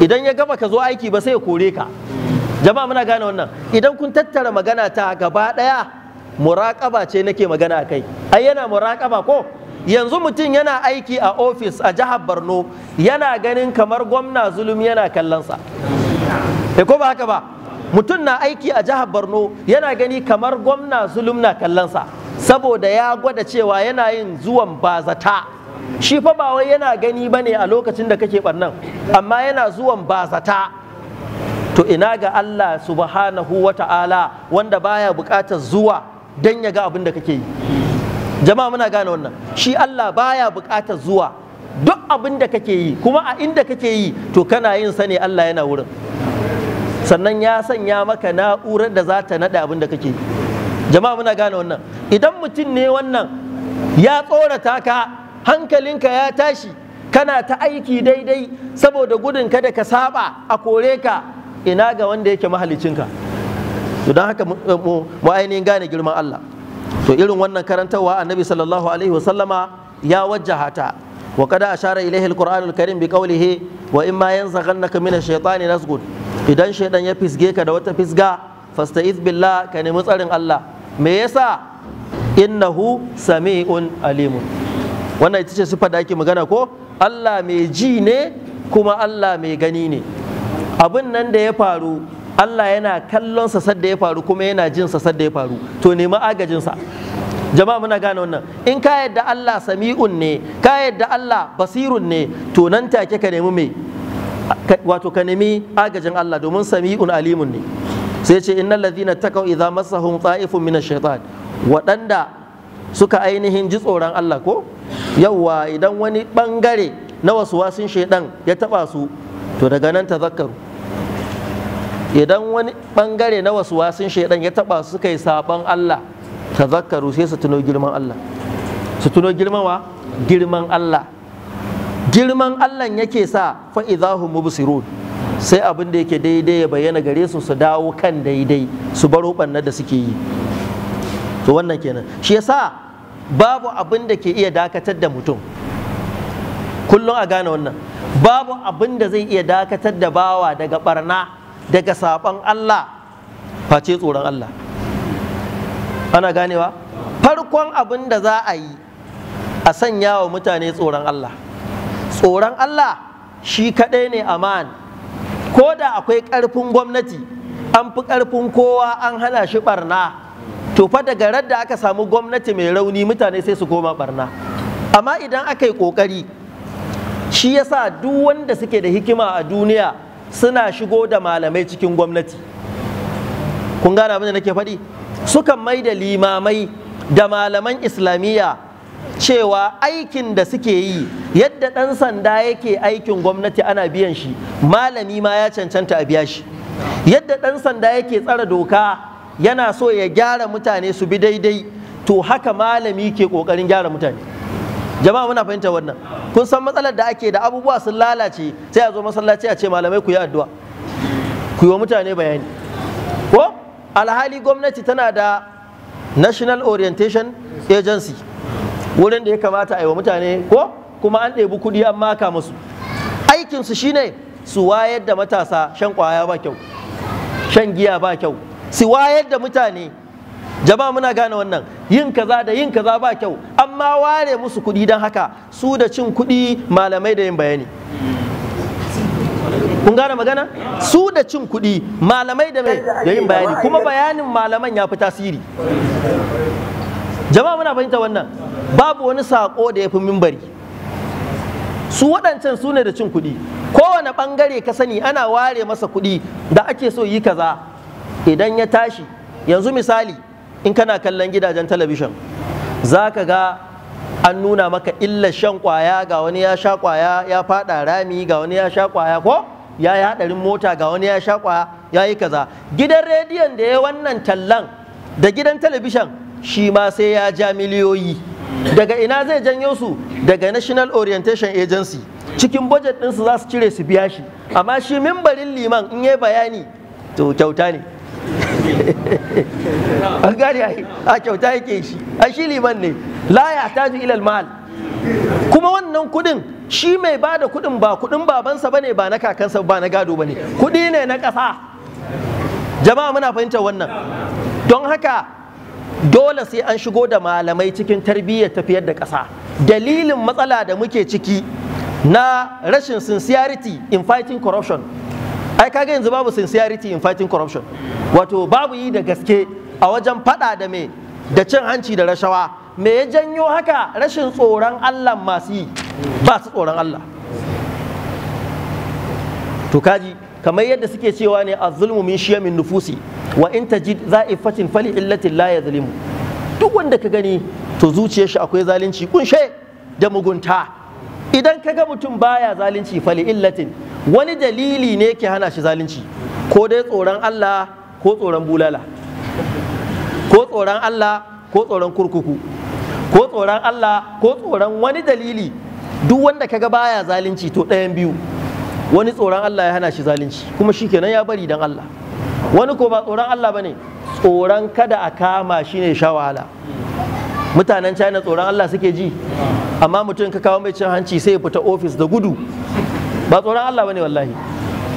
idan ya gaba ka zo aiki ba sai ya kore ka jama'a muna gane wannan idan kun tattara magana ta gaba ɗaya muraƙaba ce nake magana a kai ai yana muraƙaba ko yanzu mutum yana aiki a ofis a jihar borno yana ganin kamar gwamna zulum yana kallonsa e ko ba haka ba mutum na aiki a jihar borno yana gani kamar gwamna zulum na kallonsa saboda ya gwada cewa yana yin zuwan bazata shi fa ba wai yana gani ba ne a lokacin da kake barnan amma yana zuwan bazata to ina ga allah subhanahu wa ta'ala wanda baya bukatar zuwa Dan ya ga abin da kake yi jama'a muna gane wannan shi Allah baya buƙatar zuwa duk abin da kake yi kuma a inda kake yi to kana yin sa ne Allah yana wurin sannan ya sanya maka na'urar da za ta naɗa abin da kake yi jama'a muna gane wannan idan mutum ne wannan ya tsorata ka hankalinka ya tashi kana ta aiki daidai saboda gudun kada ka saba a kore ka ina ga wanda yake mahalicinka to don haka eh, mu ainihin gane girman Allah to irin wannan karantarwa annabi sallallahu alaihi wasallama ya wajjaha ta wa kada ashara ilaihi alquran alkarim bi qawlihi wa imma yanzaghannaka min ash-shaytani nasghud idan shaydan ya fisge ka da wata fisga fasta'iz billah ka nemi tsarin Allah me yasa innahu sami'un alimun wannan ita ce sifar da ake magana ko Allah mai ji ne kuma Allah mai gani ne abin nan da ya faru Allah yana kallon sa sadda ya faru kuma yana jin sa sadda ya faru to nemi agajin sa jama'a muna gane wannan in ka yadda Allah sami'un ne ka yadda Allah basirun ne to nan take ka nemi me wato ka nemi agajin Allah domin sami'un alimun ne sai ce innal ladhina takau idza massahum ta'ifun minash shaitan wadanda waɗanda suka ainihin ji tsoron Allah ko yawa idan wani bangare na wasu wasin shaidan ya taba su to daga nan tazakkaru idan wani bangare na wasu wasun shaidan ya taba su kai saban Allah zakaru sai su tuno girman Allah su tuno girman wa girman Allah girman Allah yake sa fa idahu mubsirun sai abin da yake daidai ya bayyana gare su su dawo kan daidai su baro banna da suke yi to wannan kenan shi yasa babu abin da ke iya dakatar da mutum kullum a gane wannan babu abin da zai iya dakatar da bawa daga barna daga sabon Allah face tsoron Allah ana ganewa farkon abin da za a yi a sanya wa mutane tsoron Allah tsoron Allah shi kaɗai ne aman ko da akwai ƙarfin gwamnati an fi ƙarfin kowa an hana shi ɓarna. to fa daga radda aka samu gwamnati mai rauni mutane sai su goma ɓarna. amma idan aka yi ƙoƙari shi yasa duk wanda suke da hikima a duniya suna shigo da malamai cikin gwamnati kun gane abin da nake faɗi sukan mai da limamai da malaman islamiyya cewa aikin da suke yi yadda ɗan sanda yake aikin gwamnati ana biyan shi malami ma ya cancanta a biya shi yadda ɗan sanda yake tsara doka yana so ya gyara mutane su bi daidai to haka malami ke ƙoƙarin gyara mutane jama'a muna fahimta wannan kun san matsalar da ake da abubuwa sun lalace sai a zo masallaci a ce malamai ku yi addu'a ku yi wa mutane bayani ko alhali gwamnati tana da national orientation agency wurin da ya kamata a yi wa mutane ko kuma an ɗebi kuɗi an maka musu aikinsu shine su wayar da matasa shan ƙwaya ba kyau shan giya ba kyau su wayar da mutane jama'a muna gane wannan yin kaza da yin kaza ba kyau amma ware musu kuɗi don haka su da cin kuɗi malamai da yin bayani kun gane magana su da cin kuɗi malamai da da yin bayani kuma bayanin malaman ya fi tasiri jama'a muna fahimta wannan babu wani saƙo da ya fi mimbari su waɗancan su ne da cin kuɗi kowane ɓangare ka sani ana ware masa kuɗi da ake so yi kaza idan ya tashi yanzu misali in kana kallon gidajen talabishin za ka ga an nuna maka illa shan kwaya ga wani ya sha kwaya ya fada rami ga wani ya sha kwaya ko ya yi hadarin mota ga wani ya sha kwaya ya yi kaza gidan rediyon da ya wannan tallan da gidan talabishin shi ma sai ya ja miliyoyi daga ina zai janyo su daga national orientation agency cikin budget ɗinsu za su cire su biya shi amma shi mimbarin liman in yi bayani to kyauta ne an gane a kyauta yake shi a shi liman ne la ya ji ilal mal kuma wannan kudin shi mai ba da kudin ba kudin babansa bane ba na kakansa ba na gado bane kudi ne na ƙasa jama'a muna fahimtar wannan don haka dole sai an shigo da malamai cikin tarbiyyar tafiyar da ƙasa dalilin matsala da muke ciki na rashin sincerity in fighting corruption ai kaga yanzu babu sincerity in fighting corruption wato babu yi da gaske a wajen fada da me da cin hanci da rashawa me ya janyo haka rashin tsoron Allah masu yi ba su tsoron Allah to kaji kamar yadda suke cewa ne az-zulmu min shiyamin nufusi wa in tajid za'ifatin fali illatin la yazlimu duk wanda ka gani to zuciyar shi akwai zalunci kunshe da mugunta idan ka ga mutum baya zalunci fali illatin wani dalili ne ke hana shi zalunci ko dai tsoron Allah ko tsoron bulala ko tsoron Allah ko tsoron kurkuku ko tsoron Allah ko tsoron wani dalili duk wanda kaga baya zalunci to ɗayan biyu wani tsoron Allah ya hana shi zalunci kuma shi shikenan ya bari dan Allah wani ko ba tsoron Allah bane tsoron kada a kama shine sha wahala mutanen China tsoron Allah suke ji amma mutum ka kawo mai cin hanci sai ya fita ofis da gudu ba tsoron Allah bane wallahi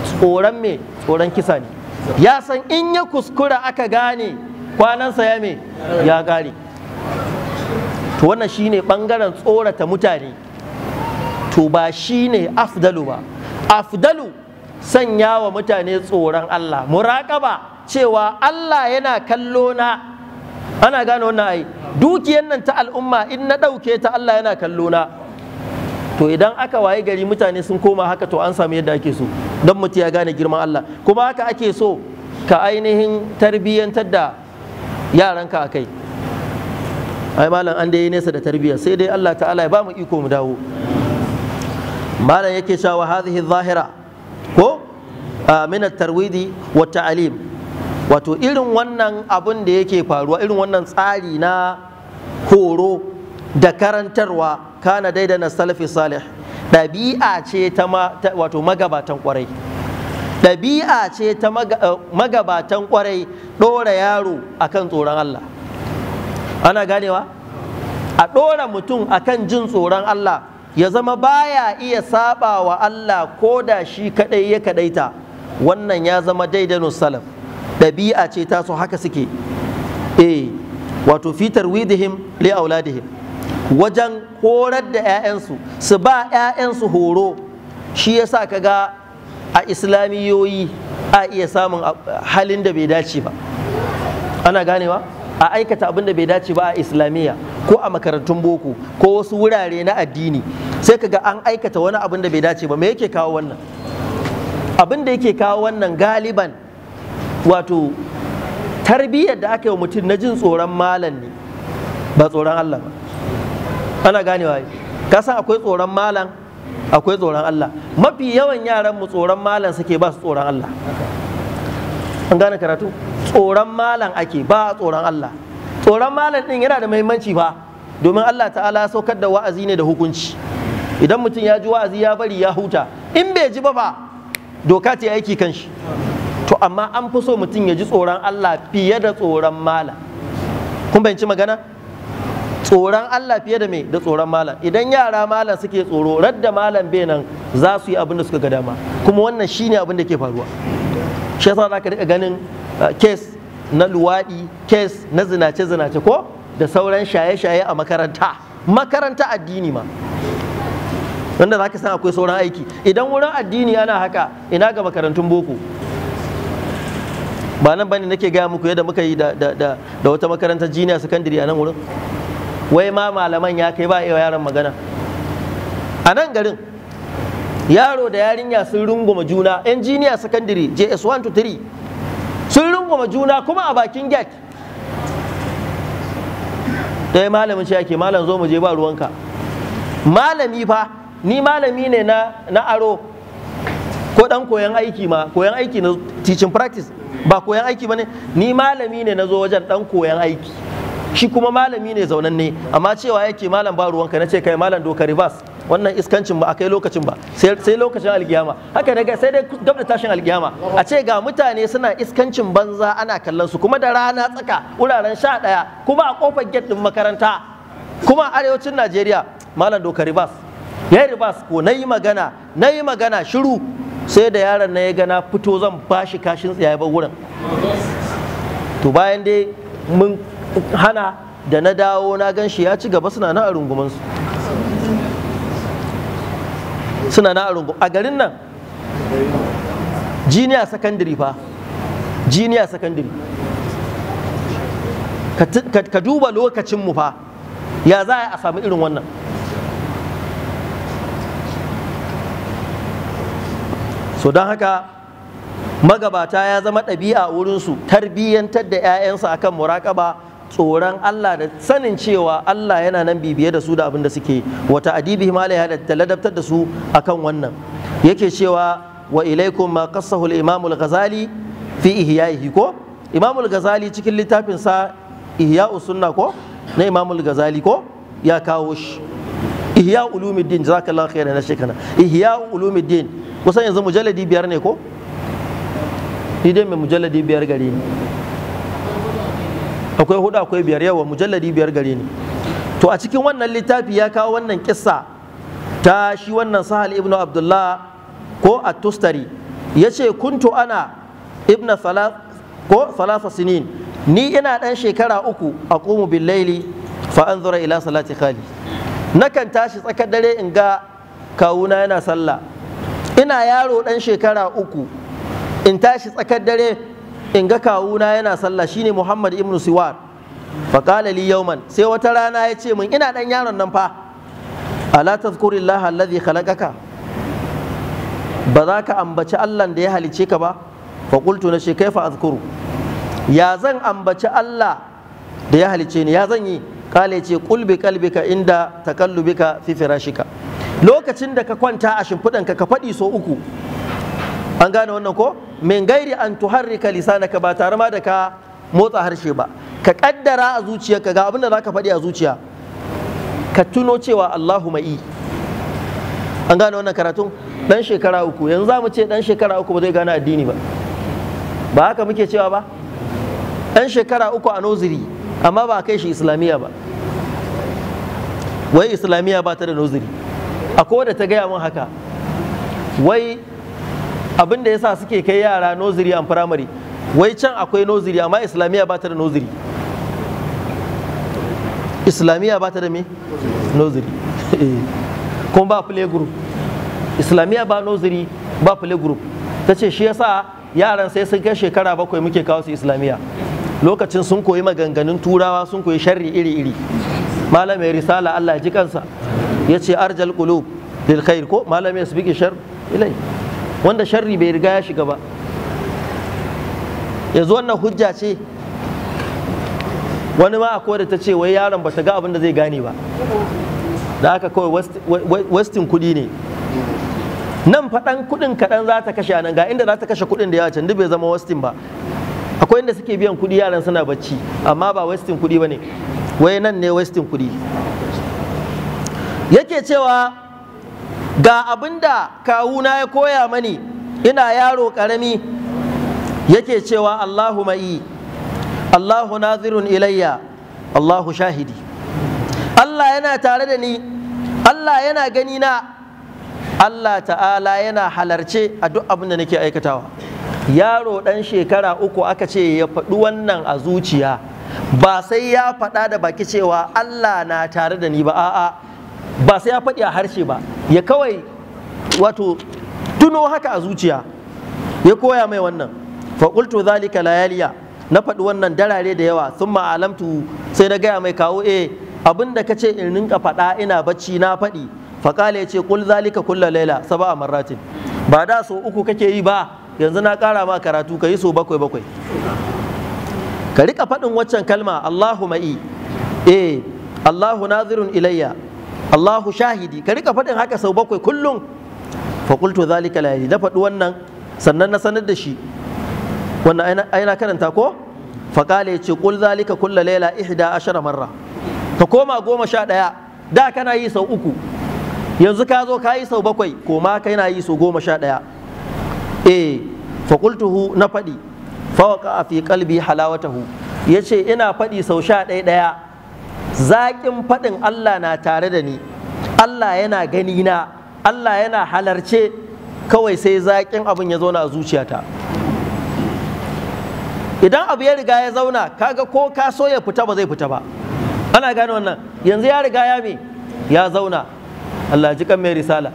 tsoron me tsoron kisa ne ya san in ya kuskura aka gane kwanansa ya me ya gane to wannan shine bangaren tsorata mutane to ba shine afdalu ba afdalu sanya wa mutane tsoron Allah muraƙaba cewa Allah yana kallo na ana gane wannan ai dukiyar nan ta al'umma in na ɗauke ta Allah yana kallo na to idan aka waye gari mutane sun koma haka to an samu yadda ake so don mutum ya gane girman Allah kuma haka ake so ka ainihin tarbiyyantar da yaranka a kai ai malam an dai nesa da tarbiyya sai dai Allah ta'ala ya ba mu iko mu dawo malam yake cewa hadhihi zahira ko min tarwidi wa ta'alim wato irin wannan abun da yake faruwa irin wannan tsari na horo da karantarwa kana daida na salafi salih ɗabi'a ce ta wato magabatan kwarai ɗabi'a ce ta eh, magabatan kwarai ɗora yaro akan tsoron Allah ana ganewa a ɗora mutum akan jin tsoron Allah ya zama baya iya saba wa Allah ko da shi kaɗai ya kaɗaita wannan ya zama daidanu salaf ɗabi'a ce ta so haka suke eh wato fitar widihim li auladihim wajen horar da 'ya'yansu su ba 'ya'yansu horo shi yasa ka ga a islamiyoyi a iya samun halin da bai dace ba ana ganewa a aikata abin da bai dace ba a islamiyya ko a makarantun boko ko wasu wurare na addini sai ka ga an aikata wani abin da bai dace ba me yake kawo wannan abin da yake kawo wannan galiban wato tarbiyyar da aka yi wa mutum na jin tsoron malam ne ba tsoron Allah ba ana ganewa yi ka san akwai tsoron malam akwai tsoron Allah mafi yawan yaran mu tsoron malam suke ba su tsoron Allah an gane karatu tsoron malam ake ba tsoron Allah tsoron malam din yana da muhimmanci fa domin Allah ta'ala saukar da wa'azi ne da hukunci idan mutum ya ji wa'azi ya bari ya huta in bai ji ba ba doka ta aiki kan shi to amma an fi so mutum ya ji tsoron Allah fiye da tsoron malam kun bayanci magana tsoron Allah fiye da mai da tsoron malam idan yara malam suke tsoro radda malam bai nan za su yi abin da suka ga dama kuma wannan shine abin da ke faruwa shi yasa za ka rika ganin uh, kes na luwaɗi kes na zinace zinace ko da sauran shaye-shaye a makaranta makaranta addini ma wanda za ka san akwai sauran aiki idan wurin addini ana haka ina ga makarantun boko ba nan bane nake gaya muku yadda muka yi da wata makarantar jiniya sakandare a nan wurin wai ma malaman ya kai ba iya yaron magana a nan garin yaro da yarinya sun runguma juna injiniya secondary js 123 to 3 sun runguma juna kuma a bakin gate ɗaya malamin shi ake malam zo mu je ba ruwanka malami fa ni malami ne na, na aro ko dan koyan aiki ma koyan aiki na teaching practice ba koyan aiki ba ne ni malami ne na zo wajen dan koyan aiki shi kuma malami ne zaunanne amma cewa yake malam ba ruwanka na ce kai malam doka rivers wannan iskancin ba a kai lokacin ba sai lokacin alkiyama haka daga sai dai gab tashin alkiyama a ce ga mutane suna iskancin banza ana kallon su kuma da rana tsaka wuraren sha ɗaya kuma a kofar gate din makaranta kuma arewacin najeriya malam doka rivers ya rivers ko nayi magana nayi magana shiru sai da yaron na ya gana fito zan bashi kashin tsiyaye ba wurin to bayan dai mun hana da na dawo na gan shi ya ci gaba suna na a rungumansu suna na a a garin nan jiniya sakandiri fa jiniya sakandiri ka duba lokacinmu fa ya za a samu irin wannan so don haka magabata ya zama ɗabi'a wurinsu tarbiyyantar da 'ya'yansu akan muraƙaba tsoron Allah da sanin cewa Allah yana nan bibiye da su da abin da suke wata adibi malaya da ladabtar da su akan wannan yake cewa wa ilaikum ma qassahu al-imam al-ghazali fi ihya'ihi ko imam al-ghazali cikin littafin sa ihya'u sunna ko na imam al-ghazali ko ya kawo shi ihya ulumuddin jazakallahu khairan na shekana Ihiya ulumuddin kusan yanzu mujalladi biyar ne ko ni dai mai mujalladi biyar gare ni akwai hudu akwai biyar yawa mujalladi biyar gare ni to a cikin wannan littafi ya kawo wannan kissa ta shi wannan sahal ibnu abdullah ko at-tustari yace kuntu ana ibn ko salafa sinin ni ina dan shekara uku aqumu bil laili fa anzura ila salati khali nakan tashi tsakar dare in ga kawuna yana sallah ina yaro dan shekara uku in tashi tsakar dare in ga kawuna yana sallah shine Muhammad ibn Siwar fa qala li yawman sai wata rana ya ce min ina dan yaron nan fa ala tazkurillaha alladhi khalaqaka ba za ka ambaci Allah da ya halice ka ba fa qultu na shi kaifa azkuru ya zan ambaci Allah da ya halice ni ya zan yi kale ce kulbi kalbika inda takallubika fi firashika lokacin da ka kwanta a shimfiɗanka ka faɗi so uku an gane wannan ko min gairi an tuharrika lisanaka ba tare ma da ka motsa harshe ba ka kaddara a zuciyarka ga abin da zaka faɗi a zuciya ka tuno cewa Allahu ma'i an gane wannan karatun dan shekara uku yanzu za mu ce dan shekara uku ba zai gane addini ba ba haka muke cewa ba dan shekara uku a noziri amma ba a kai shi islamiyya ba wai islamiyya ba ta da noziri akwai wadda ta gaya min haka wai abin da yasa suke kai yara noziri an firamare wai can akwai noziri amma islamiyya ba ta da noziri islamiyya ba ta da me noziri kuma ba play group islamiyya ba noziri ba play group ta ce shi yasa yaran sai sun kai shekara bakwai muke kawo su islamiyya lokacin sun koyi maganganun turawa sun koyi sharri iri-iri malamai risala allah ji kansa ya ce arjal qulub lil khair ko malamai su biki shar ilai wanda sharri bai riga ya shiga ba yanzu wannan hujja ce wani ma akwai da ta ce wai yaron ba ta ga abin da zai gane ba da aka kawai westin kudi ne nan faɗan kudin kaɗan za ta kashe nan ga inda za ta kashe kudin da yawa can duk bai zama westin ba akwai inda suke biyan kudi yaran suna bacci amma ba westin kudi ba ne wai nan ne westin kuɗi yake cewa ga abin da kawuna ya koya mani ina yaro karami. yake cewa Allahu ma'i Allahu nazirun ilayya Allahu shahidi Allah yana tare da ni Allah yana gani na Allah ta'ala yana halarce a duk abin da nake aikatawa yaro ɗan shekara uku aka ce ya faɗi wannan a zuciya ba sai ya faɗa da baki cewa Allah na tare da ni ba a'a ba sai ya faɗi a harshe ba ya kawai wato tuno haka a zuciya ya koya mai wannan faƙultu zalika layaliya na faɗi wannan darare da yawa sun ma'alamtu sai na gaya mai kawo e abin da ka ce in rinka faɗa ina bacci na faɗi faƙala ya ce ƙul zalika kulla laila saba a marratin ba da so uku kake yi ba yanzu na ƙara ma karatu ka yi so bakwai bakwai ka riƙa faɗin waccan kalma allahu ma'i e allahu nazirun ilayya Allahu shahidi ka rika faɗin haka sau bakwai kullum fa qultu zalika la na faɗi wannan sannan na sanar da shi wannan aina karanta ko fa qala yace qul zalika kullu layla ihda ashara marra ka koma goma sha ɗaya da kana yi sau uku yanzu ka zo ka yi sau bakwai koma kana yi sau goma sha ɗaya eh fa qultuhu na faɗi fa waqa fi qalbi halawatahu yace ina faɗi sau sha ɗaya ɗaya zaƙin faɗin Allah na tare da ni Allah yana gani na Allah yana halarce kawai sai zaƙin abin ya zauna a zuciyata idan abu ya riga ya zauna kaga ko ka so ya fita ba zai fita ba ana gane wannan yanzu ya riga ya me ya zauna Allah ji kan mai risala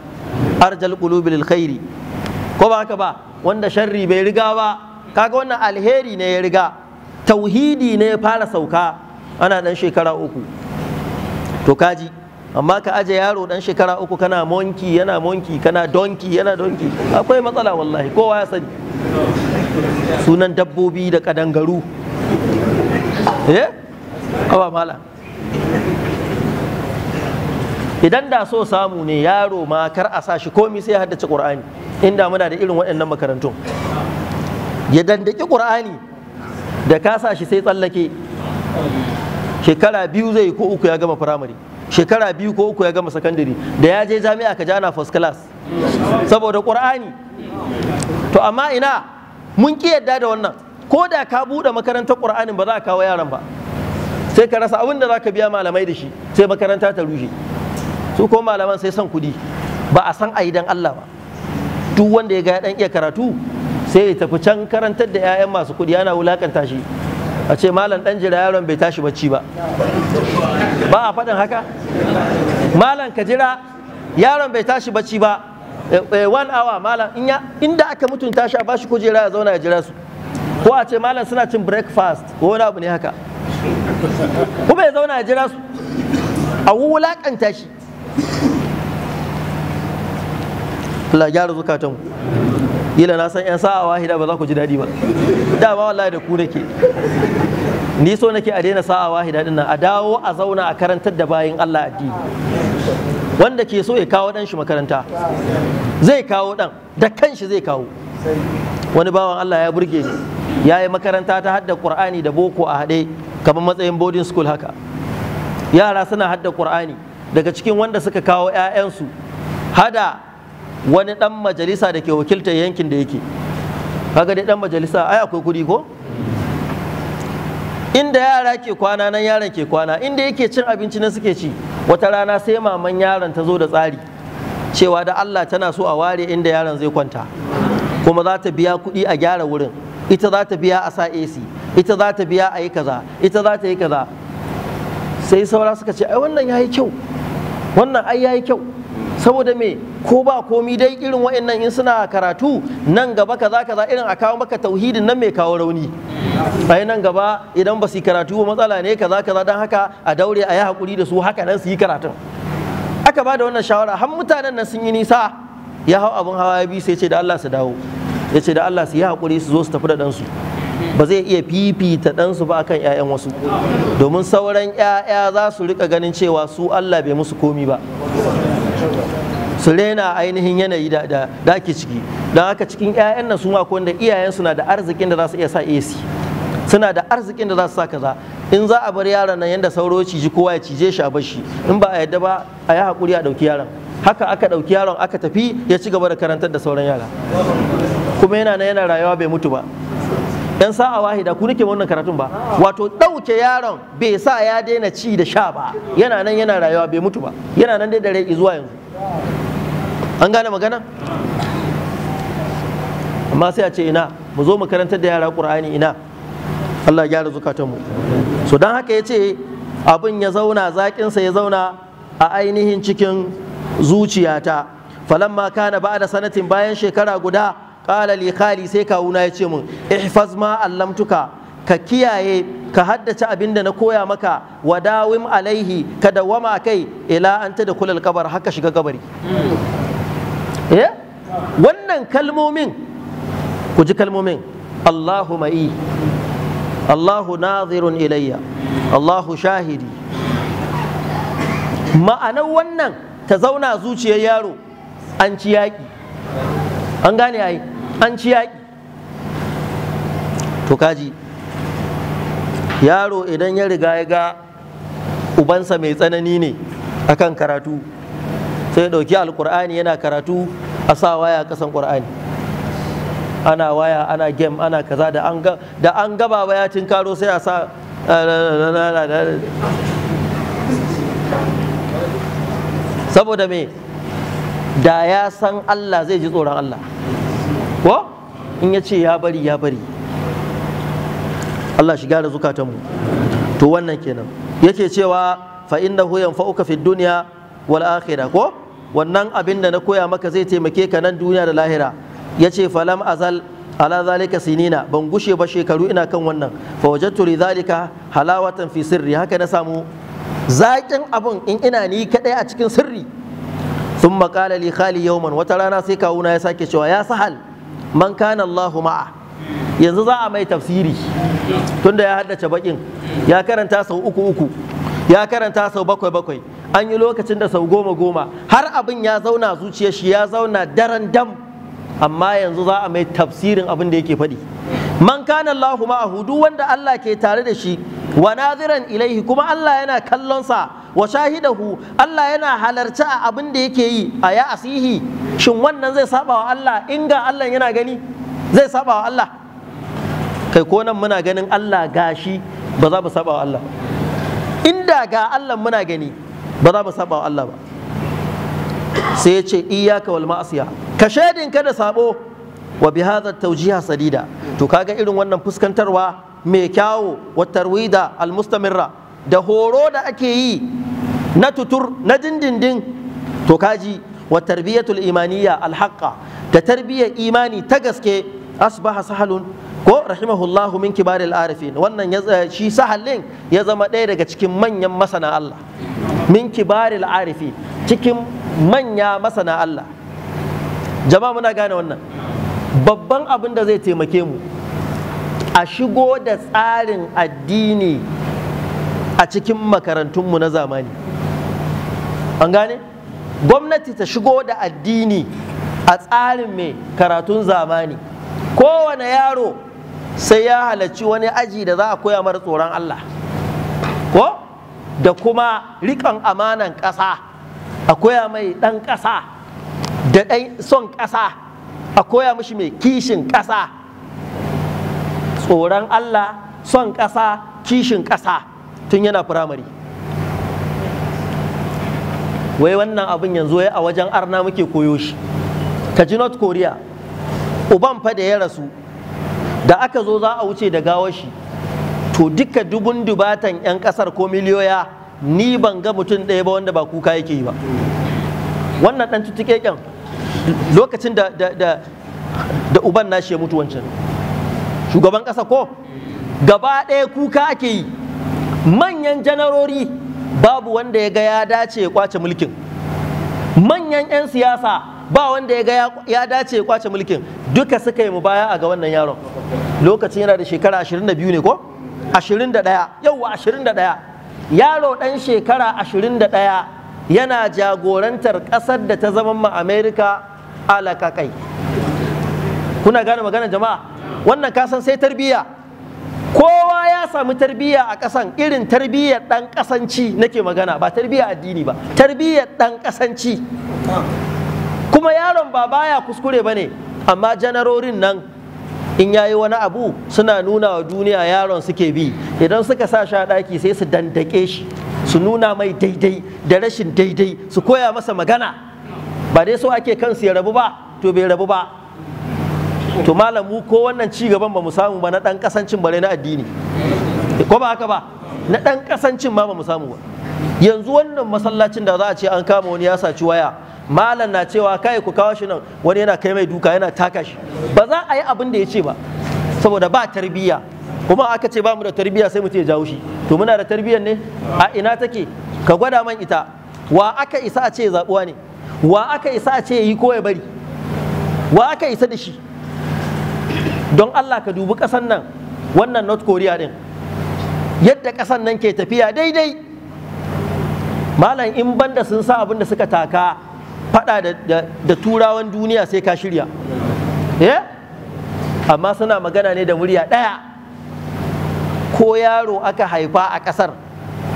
arjal qulubi lil khairi ko ba haka ba wanda sharri bai riga ba kaga wannan alheri ne ya riga tauhidi ne ya fara sauka ana dan shekara uku to kaji amma ka aje yaro dan shekara uku kana monki yana monki kana donki yana donki akwai matsala wallahi kowa ya sani sunan dabbobi da kadangaru eh awa mala idan da so samu ne yaro ma kar a sashi komi sai ya haddace qur'ani inda muna da irin waɗannan makarantun ya dandaki qur'ani da ka sashi shi sai tsallake shekara biyu zai ko uku ya gama firamare shekara biyu ko uku ya gama sakandare da ya je jami'a ka jana first class saboda ƙur'ani. to amma ina mun ki yadda da wannan ko da ka buɗe makarantar qur'anin ba za ka kawo yaran ba sai ka rasa abin da za ka biya malamai da shi sai makaranta ta rushe su ko malaman sai son kuɗi ba a san ayi dan Allah ba duk wanda ya ga ya dan iya karatu sai ya tafi can karantar da 'ya'yan masu kuɗi ana wulakanta shi a ce malam dan jira yaron bai tashi bacci ba ba a faɗin haka malam ka jira yaron bai tashi bacci ba eh, eh, one hour malam inda aka mutunta shi a bashi kujera ya zauna ya jira su ko a ce malam suna cin breakfast ko wani abu ne haka ko bai zauna ya jira su a wulakanta shi Allah gyara zukatanku kila na san yan sa'a wahida ba za ku ji dadi ba Da ba wallahi da ku nake ni so nake a daina sa'a wahida din nan a dawo a zauna a karantar da bayin Allah addini wanda ke so ya kawo dan shi makaranta zai kawo dan da kanshi zai kawo wani bawan Allah ya burge ni ya yi makaranta ta hadda Qur'ani da boko a haɗe kamar matsayin boarding school haka yara suna hadda Qur'ani daga cikin wanda suka kawo 'ya'yansu hada wani dan majalisa da ke wakiltar yankin da yake kaga dai dan majalisa ai akwai kuɗi ko inda yara ke kwana nan yaron ke kwana inda yake cin abinci nan suke ci wata rana sai maman yaron ta zo da tsari cewa da Allah tana so a ware inda yaron zai kwanta kuma za ta biya kuɗi a gyara wurin ita za ta biya a sa AC ita za ta biya a yi kaza ita za ta yi kaza sai saura suka ce ai wannan yayi kyau wannan ai yayi kyau saboda me ko ba komi dai irin wa'annan in suna karatu nan gaba kaza kaza irin a kawo maka tauhidin nan mai kawo rauni ai nan gaba idan ba su karatu ba matsala ne kaza kaza dan haka a daure a yi hakuri da su haka nan su yi karatun aka ba da wannan shawara har mutanen nan sun yi nisa ya hau abin hawa biyu sai ce da Allah su dawo ya ce da Allah su yi hakuri su zo su tafi da su ba zai iya fifita su ba akan 'ya'yan wasu domin sauran 'ya'ya za su rika ganin cewa su Allah bai musu komi ba su rena ainihin yanayi da ake ciki don haka cikin 'ya'yan nan su ma wanda iyayen suna da arzikin da za su iya sa AC suna da arzikin da za su sa kaza in za a bar yaron nan yadda sauro ciji kowa ya cije shi a bar shi in ba a yadda ba a yi hakuri a ɗauki yaron haka aka ɗauki yaron aka tafi ya ci gaba da karantar da sauran yara kuma yana nan yana rayuwa bai mutu ba yan sa'a wahida ku nake wannan karatun ba wato ɗauke yaron bai sa ya daina ci da sha ba yana nan yana rayuwa bai mutu ba yana nan dai da rai zuwa yanzu an gane magana amma sai a ce ina mu zo mu da yara ƙur'ani ina Allah ya gyara zukatanmu so don haka ya ce abin ya zauna zaƙinsa ya zauna a ainihin cikin zuciyata ma kana ba da sanatin bayan shekara guda ƙala li sai kawuna ya ce mun ihfaz ma allamtuka ka kiyaye ka haddace abin da na koya maka wa dawim alaihi ka dawama kai ila an ta da kulal kabar haka shiga kabari Eh? wannan kalmomin ku ji kalmomin Allahu ma'i Allahu nazirun ilayya Allahu shahidi ma'anar wannan ta zauna zuciyar yaro an ci yaƙi an gane ai an ci yaƙi to kaji yaro idan ya riga ya ga ubansa mai tsanani ne akan karatu sai ya ɗauki alkur'ani yana karatu a sa waya kasan ƙur'ani ana waya ana game ana kaza da an ga da an gaba ya karo sai a sa eh, saboda me da ya san Allah zai ji tsoron Allah ko in ya ce ya bari ya bari Allah shiga da zukatanmu to wannan kenan yake cewa fa innahu yanfa'uka fid dunya wal akhirah ko wannan abin da na koya maka zai taimake ka nan duniya da lahira ya ce falam azal ala zalika sinina ban gushe ba shekaru ina kan wannan fa wajadtu li zalika halawatan fi sirri haka na samu zaƙin abin in ina ni kadai a cikin sirri thumma qala li khali yawman wata rana sai kawuna ya sake cewa ya sahal man kana Allahu ma'a yanzu za a mai tafsiri tunda ya haddace bakin ya karanta sau uku uku ya karanta sau bakwai bakwai an yi lokacin da sau goma goma har abin ya zauna zuciyar shi ya zauna daren dam amma yanzu za a mai tafsirin abin da yake faɗi man kana Allahu ma'ahu duk wanda Allah ke tare da shi wa naziran ilaihi kuma Allah yana kallonsa wa shahidahu Allah yana halarci a abin da yake yi a ya asihi shin wannan zai saba wa Allah in ga Allah yana gani zai saba wa Allah kai ko nan muna ganin Allah gashi ba za mu saba wa Allah inda ga Allah muna gani ba za mu saba wa Allah ba sai ya ce iyaka wal ma'asiya ka shaidin ka da sabo wa bi hadha tawjiha sadida to kaga irin wannan fuskantarwa mai kyawo wa tarwida al mustamirra da horo da ake yi na tutur na dindindin to kaji wa tarbiyatul imaniyya al haqqa da tarbiyyar imani ta gaske asbaha sahalun ko rahimahullahu min kibaril arifin wannan shi sahalin ya zama ɗaya daga cikin manyan masana Allah min kibaril arifi cikin manya masana Allah jama'a muna gane wannan babban abin da zai taimake mu a shigo da tsarin addini a cikin makarantunmu na zamani an gane gwamnati ta shigo da addini a tsarin mai karatun zamani kowane yaro sai ya halarci wani aji da za a koya mara tsoron Allah ko da kuma rikon amanan ƙasa a koya mai ɗan ƙasa da ɗan son ƙasa a koya mishi mai kishin ƙasa tsoron Allah son ƙasa kishin ƙasa tun yana firamare wai wannan abin yanzu ya a wajen arna muke koyo shi ka ji north korea uban fa da ya rasu da aka zo za a wuce da gawar shi to duka dubun dubatan 'yan kasar ko miliyoya ni ban ga mutum ɗaya ba wanda ba kuka yake yi ba wannan ɗan tuttuƙeƙen lokacin da da uban nashi ya mutu wancan shugaban ƙasa ko gaba ɗaya kuka ake yi manyan janarori babu wanda ya ga ya dace ya kwace mulkin manyan 'yan siyasa ba wanda ya ga ya dace ya kwace mulkin duka suka yi mu baya a ga wannan yaron lokacin yana da shekara 22 ne ko 21 yauwa 21 yaro ɗan shekara 21 yana jagorantar ƙasar da ta zama ma amerika alakakai kuna gane magana jama'a wannan kasan sai tarbiyya kowa ya sami tarbiyya a ƙasan irin tarbiyyar ɗan ƙasanci nake magana ba tarbiyyar addini ba tarbiyyar ɗan ƙasanci kuma yaron ba baya kuskure ba ne amma janarorin nan in yayi wani abu suna nuna wa duniya yaron suke bi idan suka sa shi a ɗaki sai su dandake shi su nuna mai daidai da rashin daidai su koya masa magana ba dai so ake kansu ya rabu ba to bai rabu ba to malamu ko wannan ci gaban ba mu samu ba na ɗan ƙasancin bare na addini ko ba haka ba na ɗan ƙasancin ma ba mu samu ba yanzu wannan masallacin da za a ce an kama wani ya saci waya malam na cewa kai ku kawo shi nan wani yana kai mai duka yana taka shi ba za a yi abin da ya ce ba saboda ba tarbiyya kuma aka ce ba mu da tarbiyya sai mu ce jawo shi to muna da tarbiyyar ne a ina take ka gwada man ita wa aka isa a ce zabuwa ne wa aka isa a ce yi ko ya bari wa aka isa da shi don Allah ka dubi ƙasan nan wannan North Korea din yadda ƙasan nan ke tafiya daidai malam in banda sun sa abin da suka taka fada da turawan duniya sai ka shirya eh? amma suna magana ne da murya ɗaya ko yaro aka haifa a ƙasar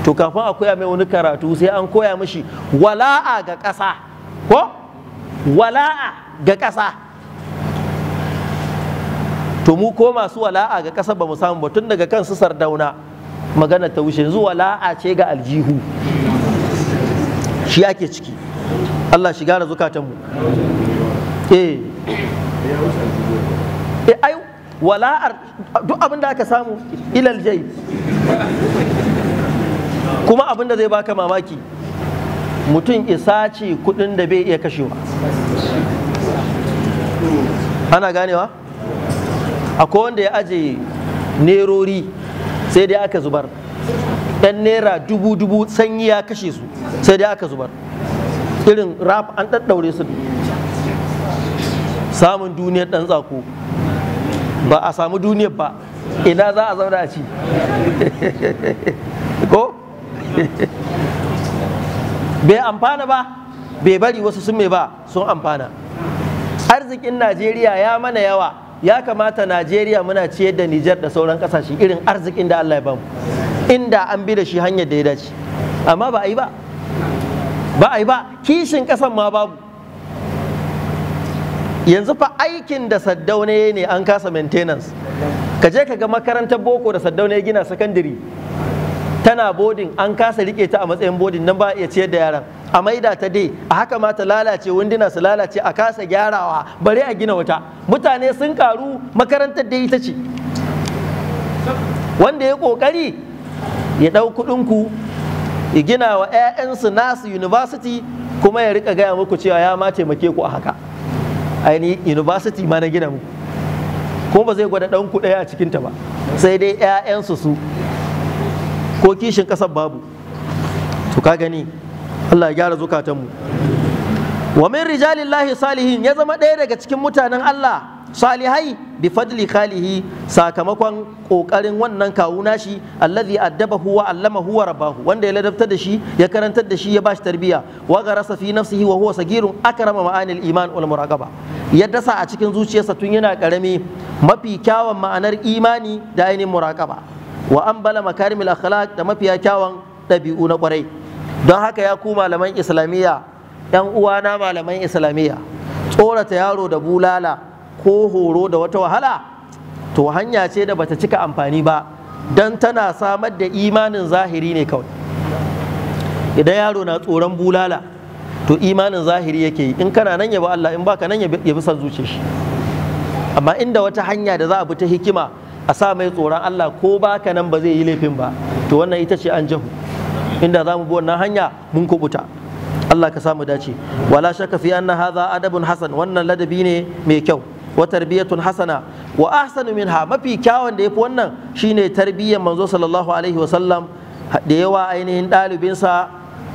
to kafin a koya mai wani karatu sai an koya mashi wala'a ga ƙasa ko wala'a ga ƙasa to mu ko masu wala'a ga ƙasa ba mu samu ba tun daga kansu sardauna magana ta wuce yanzu wala'a ce ga aljihu shi ake ciki Allah shiga da zukatanmu eh eh ai wala'ar duk abin da aka samu ilal jai kuma abin da zai baka mamaki mutum isa ce kudin da bai iya kashewa ana ganewa akwai wanda ya aje nerori sai dai aka zubar 'yan naira dubu-dubu sanyi ya kashe su sai dai aka zubar irin rap an ɗaɗɗaure su samun duniyar ɗan tsako ba a samu duniyar ba ina za a zauna a ci ko bai amfana ba bai bari wasu sun mai ba sun amfana arzikin najeriya ya mana yawa ya kamata najeriya muna ciyar da nijar da sauran kasashe irin arzikin da allah ya bamu inda an bi da shi hanyar da ya dace amma ba a yi ba ba a yi ba kishin ƙasan ma babu yanzu fa aikin da saddaune ne an kasa maintenance ka je ka ga makarantar boko da saddaune gina secondary tana bodin an kasa rike ta a matsayin bodin nan ba iya ciyar da yaran a maida ta dai a haka ma ta lalace wunduna su lalace a kasa gyarawa bare a gina wata mutane sun karu makarantar da ita ce wanda ya kokari ya ɗau ku. ya gina wa 'ya'yansu nasu university kuma ya rika gaya muku cewa ya ma taimake ku a haka aini university ma na gina muku kuma ba zai gwada ɗan ku ɗaya a cikinta ba sai dai 'ya'yansu su ko kishin ƙasar babu to ka gani Allah ya gyara zukatanmu wa min rijalillahi salihin ya zama ɗaya daga cikin mutanen Allah salihai bi fadli khalihi sakamakon kokarin wannan kawu nashi allazi addabahu wa allamahu wa rabahu wanda ya ladabtar da shi ya karantar da shi ya bashi tarbiya wa garasa fi nafsihi wa huwa sagirun akrama ma'anil iman wal muraqaba ya dasa a cikin zuciyarsa tun yana karami mafi kyawun ma'anar imani da ainihin muraqaba wa ambala makarimil akhlaq da mafiya kyawun dabi'u na kwarai don haka ya ku malaman islamiyya yan uwana malaman islamiyya tsorata yaro da bulala ko horo da wata wahala to hanya ce da bata cika amfani ba don tana samar da imanin zahiri ne kawai idan yaro na tsoron bulala to imanin zahiri yake yi in kana nan yabi Allah in baka nan yabi san zuce shi amma inda wata hanya da za a bi ta hikima a sa mai tsoron Allah ko baka nan ba zai yi laifin ba to wannan ita ce an jahu inda za mu bi wannan hanya mun kubuta Allah ka samu dace wala shakka fi anna hadha adabun hasan wannan ladabi ne mai kyau wa tarbiyatun hasana wa ahsanu minha mafi kyawun da yafi wannan shine tarbiyyar manzo sallallahu alaihi wa sallam da yawa ainihin ɗalibinsa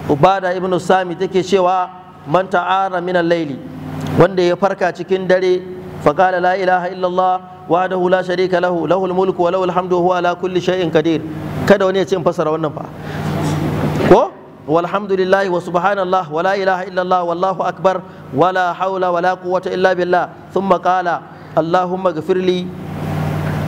ubada ibn sami take cewa man ta'ara min al-laili wanda ya farka cikin dare Fakada la ilaha illallah wahdahu la sharika lahu lahul mulku wa lahul hamdu huwa ala kulli shay'in qadir kada wani ya ce in fassara wannan fa ko walhamdulillah wa subhanallah wa la ilaha illallah wallahu akbar wa la haula wa la quwwata illa billah thumma qala allahumma ghfirli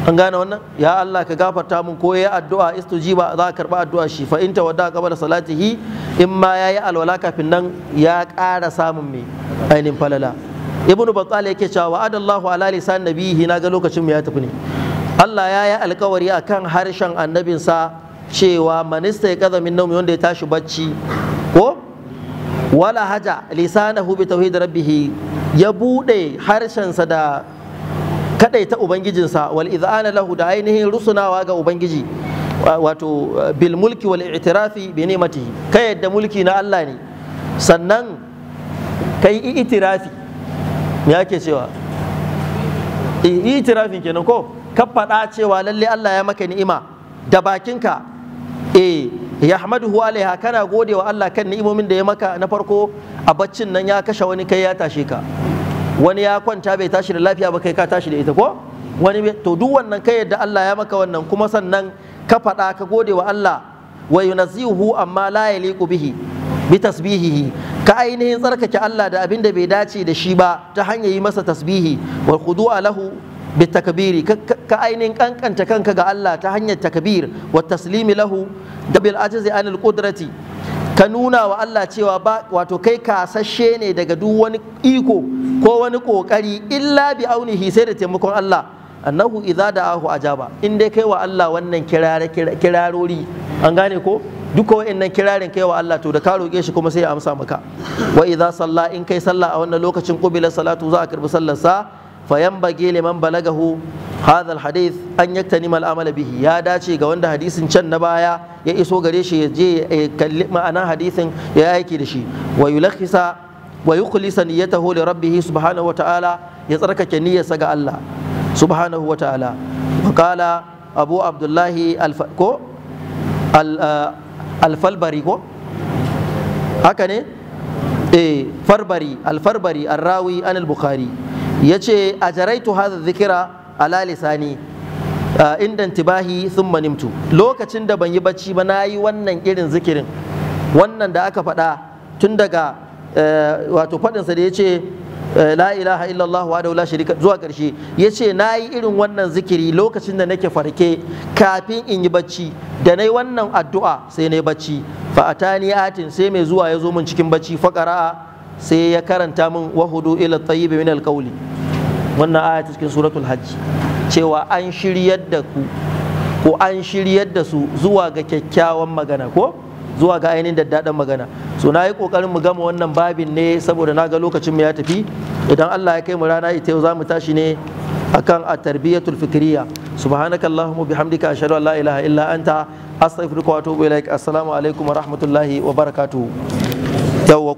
an gane wannan ya Allah ka gafarta mun ko ya addu'a istujiba za ka karba addu'a shi fa in tawadda qabla salatihi in ma yayi alwala kafin nan ya ƙara samun me ainin falala ibnu battal yake cewa adallahu ala lisan nabihi na ga lokacin mu ya tafi ne Allah ya yi a akan harshen annabinsa cewa manista ya kaza min naumi wanda ya tashi bacci ko wala haja lisanahu bi tauhid rabbih ya bude harshensa da kadaita ubangijinsa wal idana lahu da ainihin rusunawa ga ubangiji wato bil mulki wal i'tirafi bi ni'matihi kai yadda mulki na Allah ne sannan kai i'tirafi me yake cewa i'tirafin kenan ko ka faɗa cewa lalle Allah ya maka ni'ima da bakinka eh yahmaduhu alaiha kana gode wa Allah kan ni'imomin da ya maka na farko a baccin nan ya kashe wani kai ya tashe ka wani ya kwanta bai tashi da lafiya ba kai ka tashi da ita ko wani to duk wannan kai yadda Allah ya maka wannan kuma sannan ka faɗa ka gode wa Allah wa yunazzihu amma la yaliqu bihi bi tasbihihi ka ainihin tsarkake Allah da abin da bai dace da shi ba ta hanyar yi masa tasbihi wa khudu'a lahu bitakabiri ka ainihin kankanta kanka ga Allah ta hanyar takabir wa taslimi lahu da bil ajzi anil qudrati ka nuna wa Allah cewa ba wato kai kasashe ne daga duk wani iko ko wani kokari illa bi aunihi sai da taimakon Allah annahu idza da'ahu ajaba in dai kai wa Allah wannan kirare kirarori an gane ko duka wa'annan kirarin kai wa Allah to da ka roke shi kuma sai ya amsa maka wa idza salla in kai sallah a wannan lokacin qubila salatu za a karbi sallar sa Fayan فينبغي لمن بلغه هذا الحديث أن يكتنم العمل bihi ya dace ga wanda hadisin can na baya ya iso gare shi ya je kalli ma'ana hadisin ya aiki da shi wa yulakhisa wa yukhlisa niyyatahu li rabbih subhanahu wa ta'ala ya tsarkake niyyarsa ga Allah subhanahu wa ta'ala wa qala abu abdullahi ko alfalbari ko haka ne eh farbari alfarbari arrawi an al-bukhari yace a jaraitu haza zikira a inda tibahi sun nimtu lokacin da ban yi bacci ba na yi wannan irin zikirin wannan da aka faɗa tun daga e, wato faɗinsa da yace e, la ilaha illallah wa zuwa ƙarshe yace yi irin wannan zikiri lokacin da nake farke kafin in yi bacci da nayi wannan addu'a sai nayi bacci fa atani atin sai mai zuwa ya zo min cikin bacci faqara sai ya karanta min wahudu ila tayyibi min alqawli wannan aya ta cikin suratul hajj cewa an shiryar da ku ko an shiryar da su zuwa ga kyakkyawan magana ko zuwa ga ainihin daddaɗan magana so na yi ƙoƙarin mu gama wannan babin ne saboda na ga lokacin mu ya tafi idan Allah ya kai mu rana ita yau za mu tashi ne akan a tarbiyatul fikriya subhanaka allahumma bihamdika ashhadu an la ilaha illa anta astaghfiruka wa atubu ilaik assalamu alaikum wa rahmatullahi wa